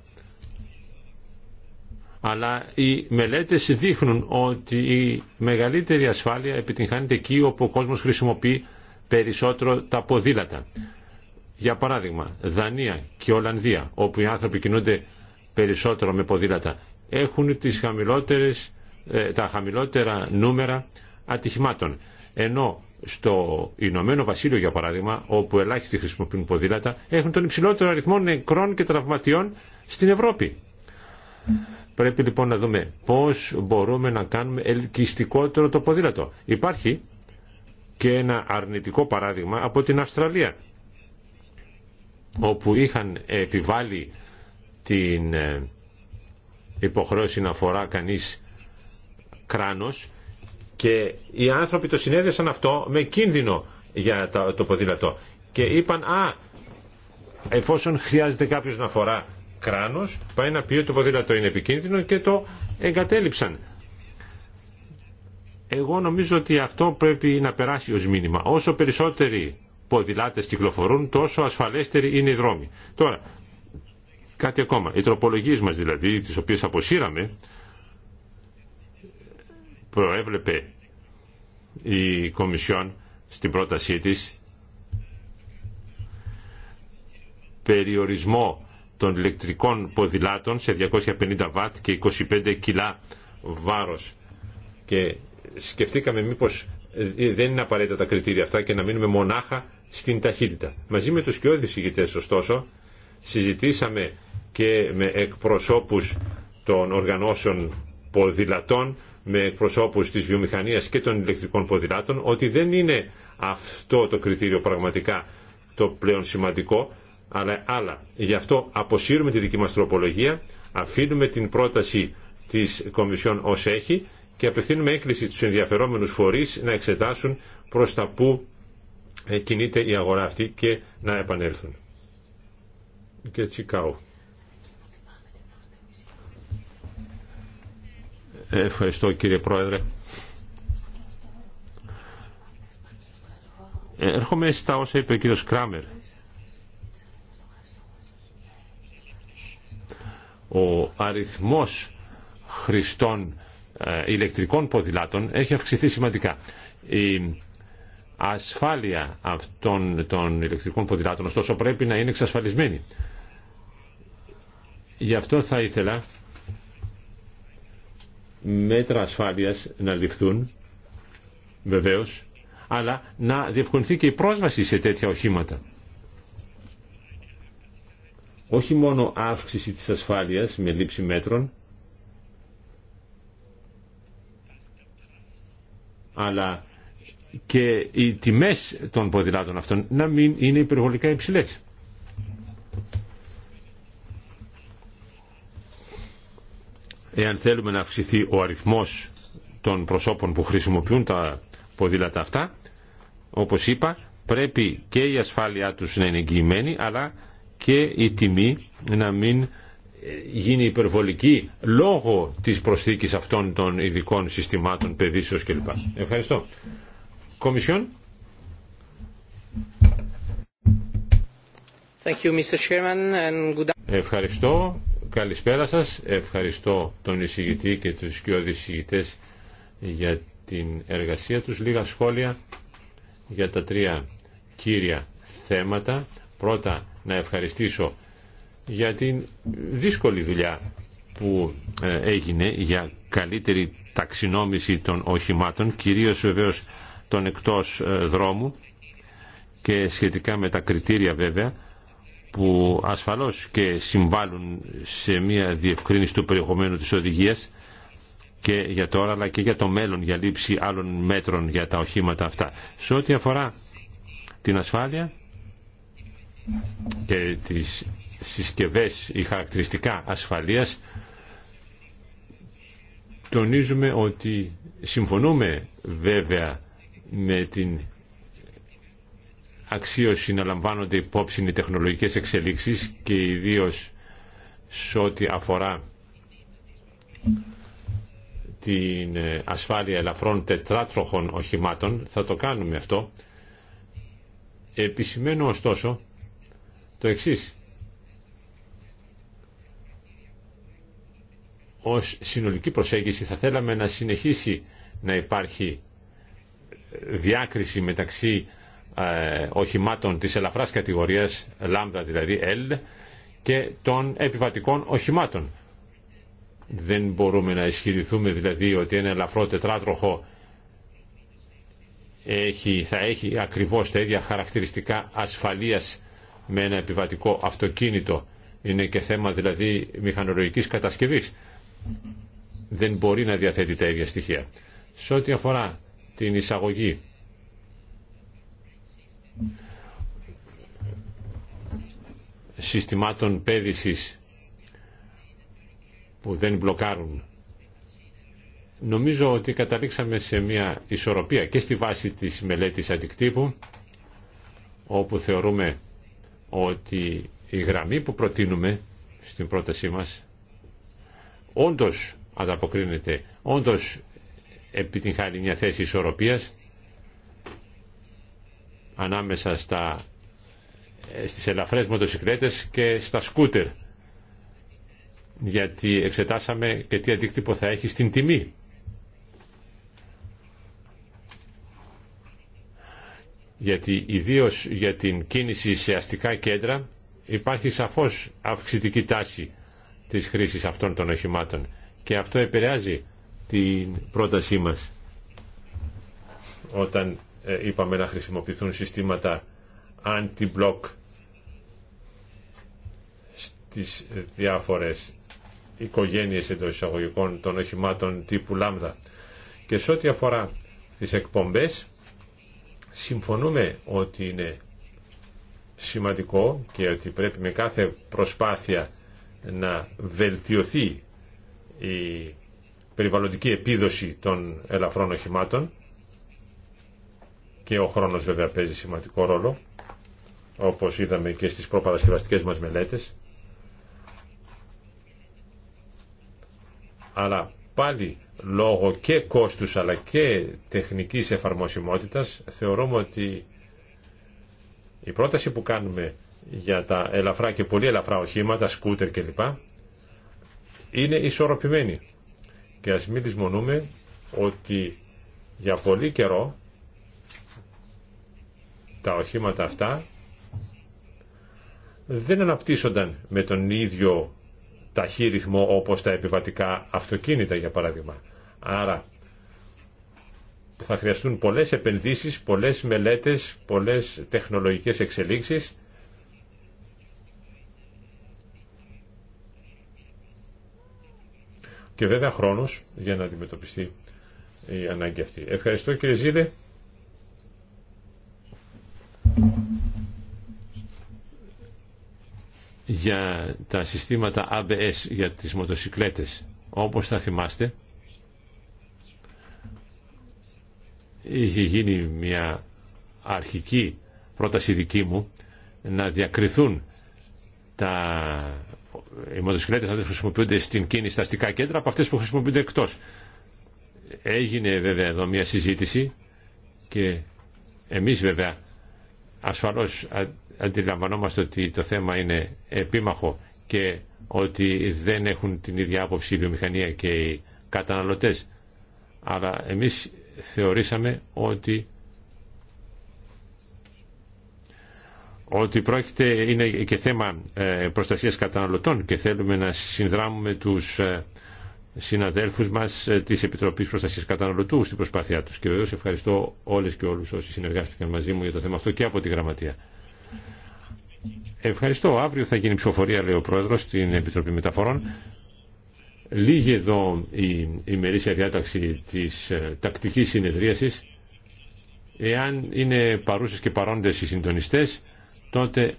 Αλλά οι μελέτες δείχνουν ότι η μεγαλύτερη ασφάλεια επιτυγχάνεται εκεί όπου ο κόσμος χρησιμοποιεί περισσότερο τα ποδήλατα. Για παράδειγμα, Δανία και Ολλανδία, όπου οι άνθρωποι κινούνται περισσότερο με ποδήλατα, έχουν τις χαμηλότερες, ε, τα χαμηλότερα νούμερα ατυχημάτων. Ενώ στο Ηνωμένο Βασίλειο, για παράδειγμα, όπου ελάχιστοι χρησιμοποιούν ποδήλατα, έχουν τον υψηλότερο αριθμό νεκρών και τραυματιών στην Ευρώπη. Πρέπει λοιπόν να δούμε πώς μπορούμε να κάνουμε ελκυστικότερο το ποδήλατο. Υπάρχει και ένα αρνητικό παράδειγμα από την Αυστραλία, όπου είχαν επιβάλει την ε, υποχρέωση να φορά κανείς κράνος και οι άνθρωποι το συνέδεσαν αυτό με κίνδυνο για το ποδήλατο. Και είπαν, α, εφόσον χρειάζεται κάποιος να φορά κράνος, πάει να πει ότι το ποδήλατο είναι επικίνδυνο και το εγκατέλειψαν. Εγώ νομίζω ότι αυτό πρέπει να περάσει ως μήνυμα. Όσο περισσότεροι ποδηλάτες κυκλοφορούν, τόσο ασφαλέστεροι είναι οι δρόμοι. Τώρα, κάτι ακόμα. Οι τροπολογίες μας δηλαδή, τις οποίες αποσύραμε, προέβλεπε η Κομισιόν στην πρότασή της περιορισμό των ηλεκτρικών ποδηλάτων σε 250 βατ και 25 κιλά βάρος και σκεφτήκαμε μήπως δεν είναι απαραίτητα τα κριτήρια αυτά και να μείνουμε μονάχα στην ταχύτητα. Μαζί με τους κοιόδης ηγητές ωστόσο συζητήσαμε και με εκπροσώπους των οργανώσεων ποδηλατών με προσώπους της βιομηχανίας και των ηλεκτρικών ποδηλάτων ότι δεν είναι αυτό το κριτήριο πραγματικά το πλέον σημαντικό αλλά άλλα. Γι' αυτό αποσύρουμε τη δική μας τροπολογία, αφήνουμε την πρόταση της Κομισιόν ως έχει και απευθύνουμε έκκληση στους ενδιαφερόμενους φορείς να εξετάσουν προς τα που ε, κινείται η αγορά αυτή και να επανέλθουν. Ευχαριστώ κύριε Πρόεδρε. Ε, έρχομαι στα όσα είπε ο κύριος Κράμερ. Ο αριθμός χρηστών ε, ηλεκτρικών ποδηλάτων έχει αυξηθεί σημαντικά. Η ασφάλεια αυτών των ηλεκτρικών ποδηλάτων ωστόσο πρέπει να είναι εξασφαλισμένη. Γι' αυτό θα ήθελα μέτρα ασφάλειας να ληφθούν βεβαίως αλλά να διευκολυνθεί και η πρόσβαση σε τέτοια οχήματα. Όχι μόνο αύξηση της ασφάλειας με λήψη μέτρων αλλά και οι τιμές των ποδηλάτων αυτών να μην είναι υπερβολικά υψηλές. εάν θέλουμε να αυξηθεί ο αριθμός των προσώπων που χρησιμοποιούν τα ποδήλατα αυτά, όπως είπα, πρέπει και η ασφάλειά τους να είναι εγγυημένη, αλλά και η τιμή να μην ε, γίνει υπερβολική λόγω της προσθήκης αυτών των ειδικών συστημάτων παιδίσεως κλπ. Ευχαριστώ. Κομισιόν. Ευχαριστώ Καλησπέρα σας. Ευχαριστώ τον εισηγητή και τους σκιώδης εισηγητές για την εργασία τους. Λίγα σχόλια για τα τρία κύρια θέματα. Πρώτα να ευχαριστήσω για την δύσκολη δουλειά που ε, έγινε για καλύτερη ταξινόμηση των οχημάτων, κυρίως βεβαίως των εκτός ε, δρόμου και σχετικά με τα κριτήρια βέβαια που ασφαλώς και συμβάλλουν σε μια διευκρίνηση του περιεχομένου της οδηγίας και για τώρα αλλά και για το μέλλον για λήψη άλλων μέτρων για τα οχήματα αυτά. Σε ό,τι αφορά την ασφάλεια και τις συσκευές ή χαρακτηριστικά ασφαλείας τονίζουμε ότι συμφωνούμε βέβαια με την αξίωση να λαμβάνονται υπόψη οι τεχνολογικές εξελίξεις και ιδίως σε ό,τι αφορά την ε, ασφάλεια ελαφρών τετράτροχων οχημάτων. Θα το κάνουμε αυτό. Επισημαίνω ωστόσο το εξής. Ως συνολική προσέγγιση θα θέλαμε να συνεχίσει να υπάρχει διάκριση μεταξύ ε, οχημάτων της ελαφράς κατηγορίας λάμδα δηλαδή L και των επιβατικών οχημάτων. Δεν μπορούμε να ισχυριθούμε δηλαδή ότι ένα ελαφρό τετράτροχο έχει, θα έχει ακριβώς τα ίδια χαρακτηριστικά ασφαλείας με ένα επιβατικό αυτοκίνητο. Είναι και θέμα δηλαδή μηχανολογικής κατασκευής. Δεν μπορεί να διαθέτει τα ίδια στοιχεία. Σε ό,τι αφορά την εισαγωγή συστημάτων πέδησης που δεν μπλοκάρουν. Νομίζω ότι καταλήξαμε σε μια ισορροπία και στη βάση της μελέτης αντικτύπου όπου θεωρούμε ότι η γραμμή που προτείνουμε στην πρότασή μας όντως ανταποκρίνεται, όντως επιτυγχάνει μια θέση ισορροπίας ανάμεσα στα, ε, στις ελαφρές μοτοσυκλέτες και στα σκούτερ γιατί εξετάσαμε και τι αντίκτυπο θα έχει στην τιμή. Γιατί ιδίω για την κίνηση σε αστικά κέντρα υπάρχει σαφώς αυξητική τάση της χρήσης αυτών των οχημάτων και αυτό επηρεάζει την πρότασή μας όταν ε, είπαμε να χρησιμοποιηθούν συστήματα anti-block στις ε, διάφορες οικογένειες εντό εισαγωγικών των οχημάτων τύπου λάμδα. Και σε ό,τι αφορά τις εκπομπές, συμφωνούμε ότι είναι σημαντικό και ότι πρέπει με κάθε προσπάθεια να βελτιωθεί η περιβαλλοντική επίδοση των ελαφρών οχημάτων και ο χρόνος βέβαια παίζει σημαντικό ρόλο, όπως είδαμε και στις προπαρασκευαστικές μας μελέτες. Αλλά πάλι λόγω και κόστους αλλά και τεχνικής εφαρμοσιμότητας θεωρούμε ότι η πρόταση που κάνουμε για τα ελαφρά και πολύ ελαφρά οχήματα, σκούτερ κλπ. είναι ισορροπημένη. Και ας μην δυσμονούμε ότι για πολύ καιρό τα οχήματα αυτά δεν αναπτύσσονταν με τον ίδιο ταχύ ρυθμό όπως τα επιβατικά αυτοκίνητα για παράδειγμα. Άρα θα χρειαστούν πολλές επενδύσεις, πολλές μελέτες, πολλές τεχνολογικές εξελίξεις και βέβαια χρόνος για να αντιμετωπιστεί η ανάγκη αυτή. Ευχαριστώ κύριε Ζήλε. για τα συστήματα ABS για τις μοτοσυκλέτες. Όπως θα θυμάστε, είχε γίνει μια αρχική πρόταση δική μου να διακριθούν τα... οι μοτοσυκλέτες που χρησιμοποιούνται στην κίνηση στα αστικά κέντρα από αυτές που χρησιμοποιούνται εκτός. Έγινε βέβαια εδώ μια συζήτηση και εμείς βέβαια ασφαλώς αντιλαμβανόμαστε ότι το θέμα είναι επίμαχο και ότι δεν έχουν την ίδια άποψη η βιομηχανία και οι καταναλωτές. Αλλά εμείς θεωρήσαμε ότι ότι πρόκειται, είναι και θέμα ε, προστασίας καταναλωτών και θέλουμε να συνδράμουμε τους ε, συναδέλφους μας ε, της Επιτροπής Προστασίας Καταναλωτού στην προσπάθειά τους. Και βεβαίως ευχαριστώ όλες και όλους όσοι συνεργάστηκαν μαζί μου για το θέμα αυτό και από τη Γραμματεία. Ευχαριστώ. Αύριο θα γίνει ψηφοφορία, λέει ο Πρόεδρο στην Επιτροπή Μεταφορών. Λίγη εδώ η ημερήσια διάταξη της ε, τακτικής συνεδρίασης. Εάν είναι παρούσες και παρόντες οι συντονιστές, τότε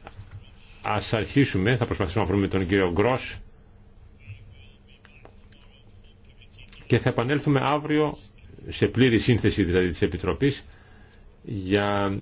ας αρχίσουμε. Θα προσπαθήσουμε να βρούμε τον κύριο Γκρό, και θα επανέλθουμε αύριο σε πλήρη σύνθεση δηλαδή της Επιτροπής για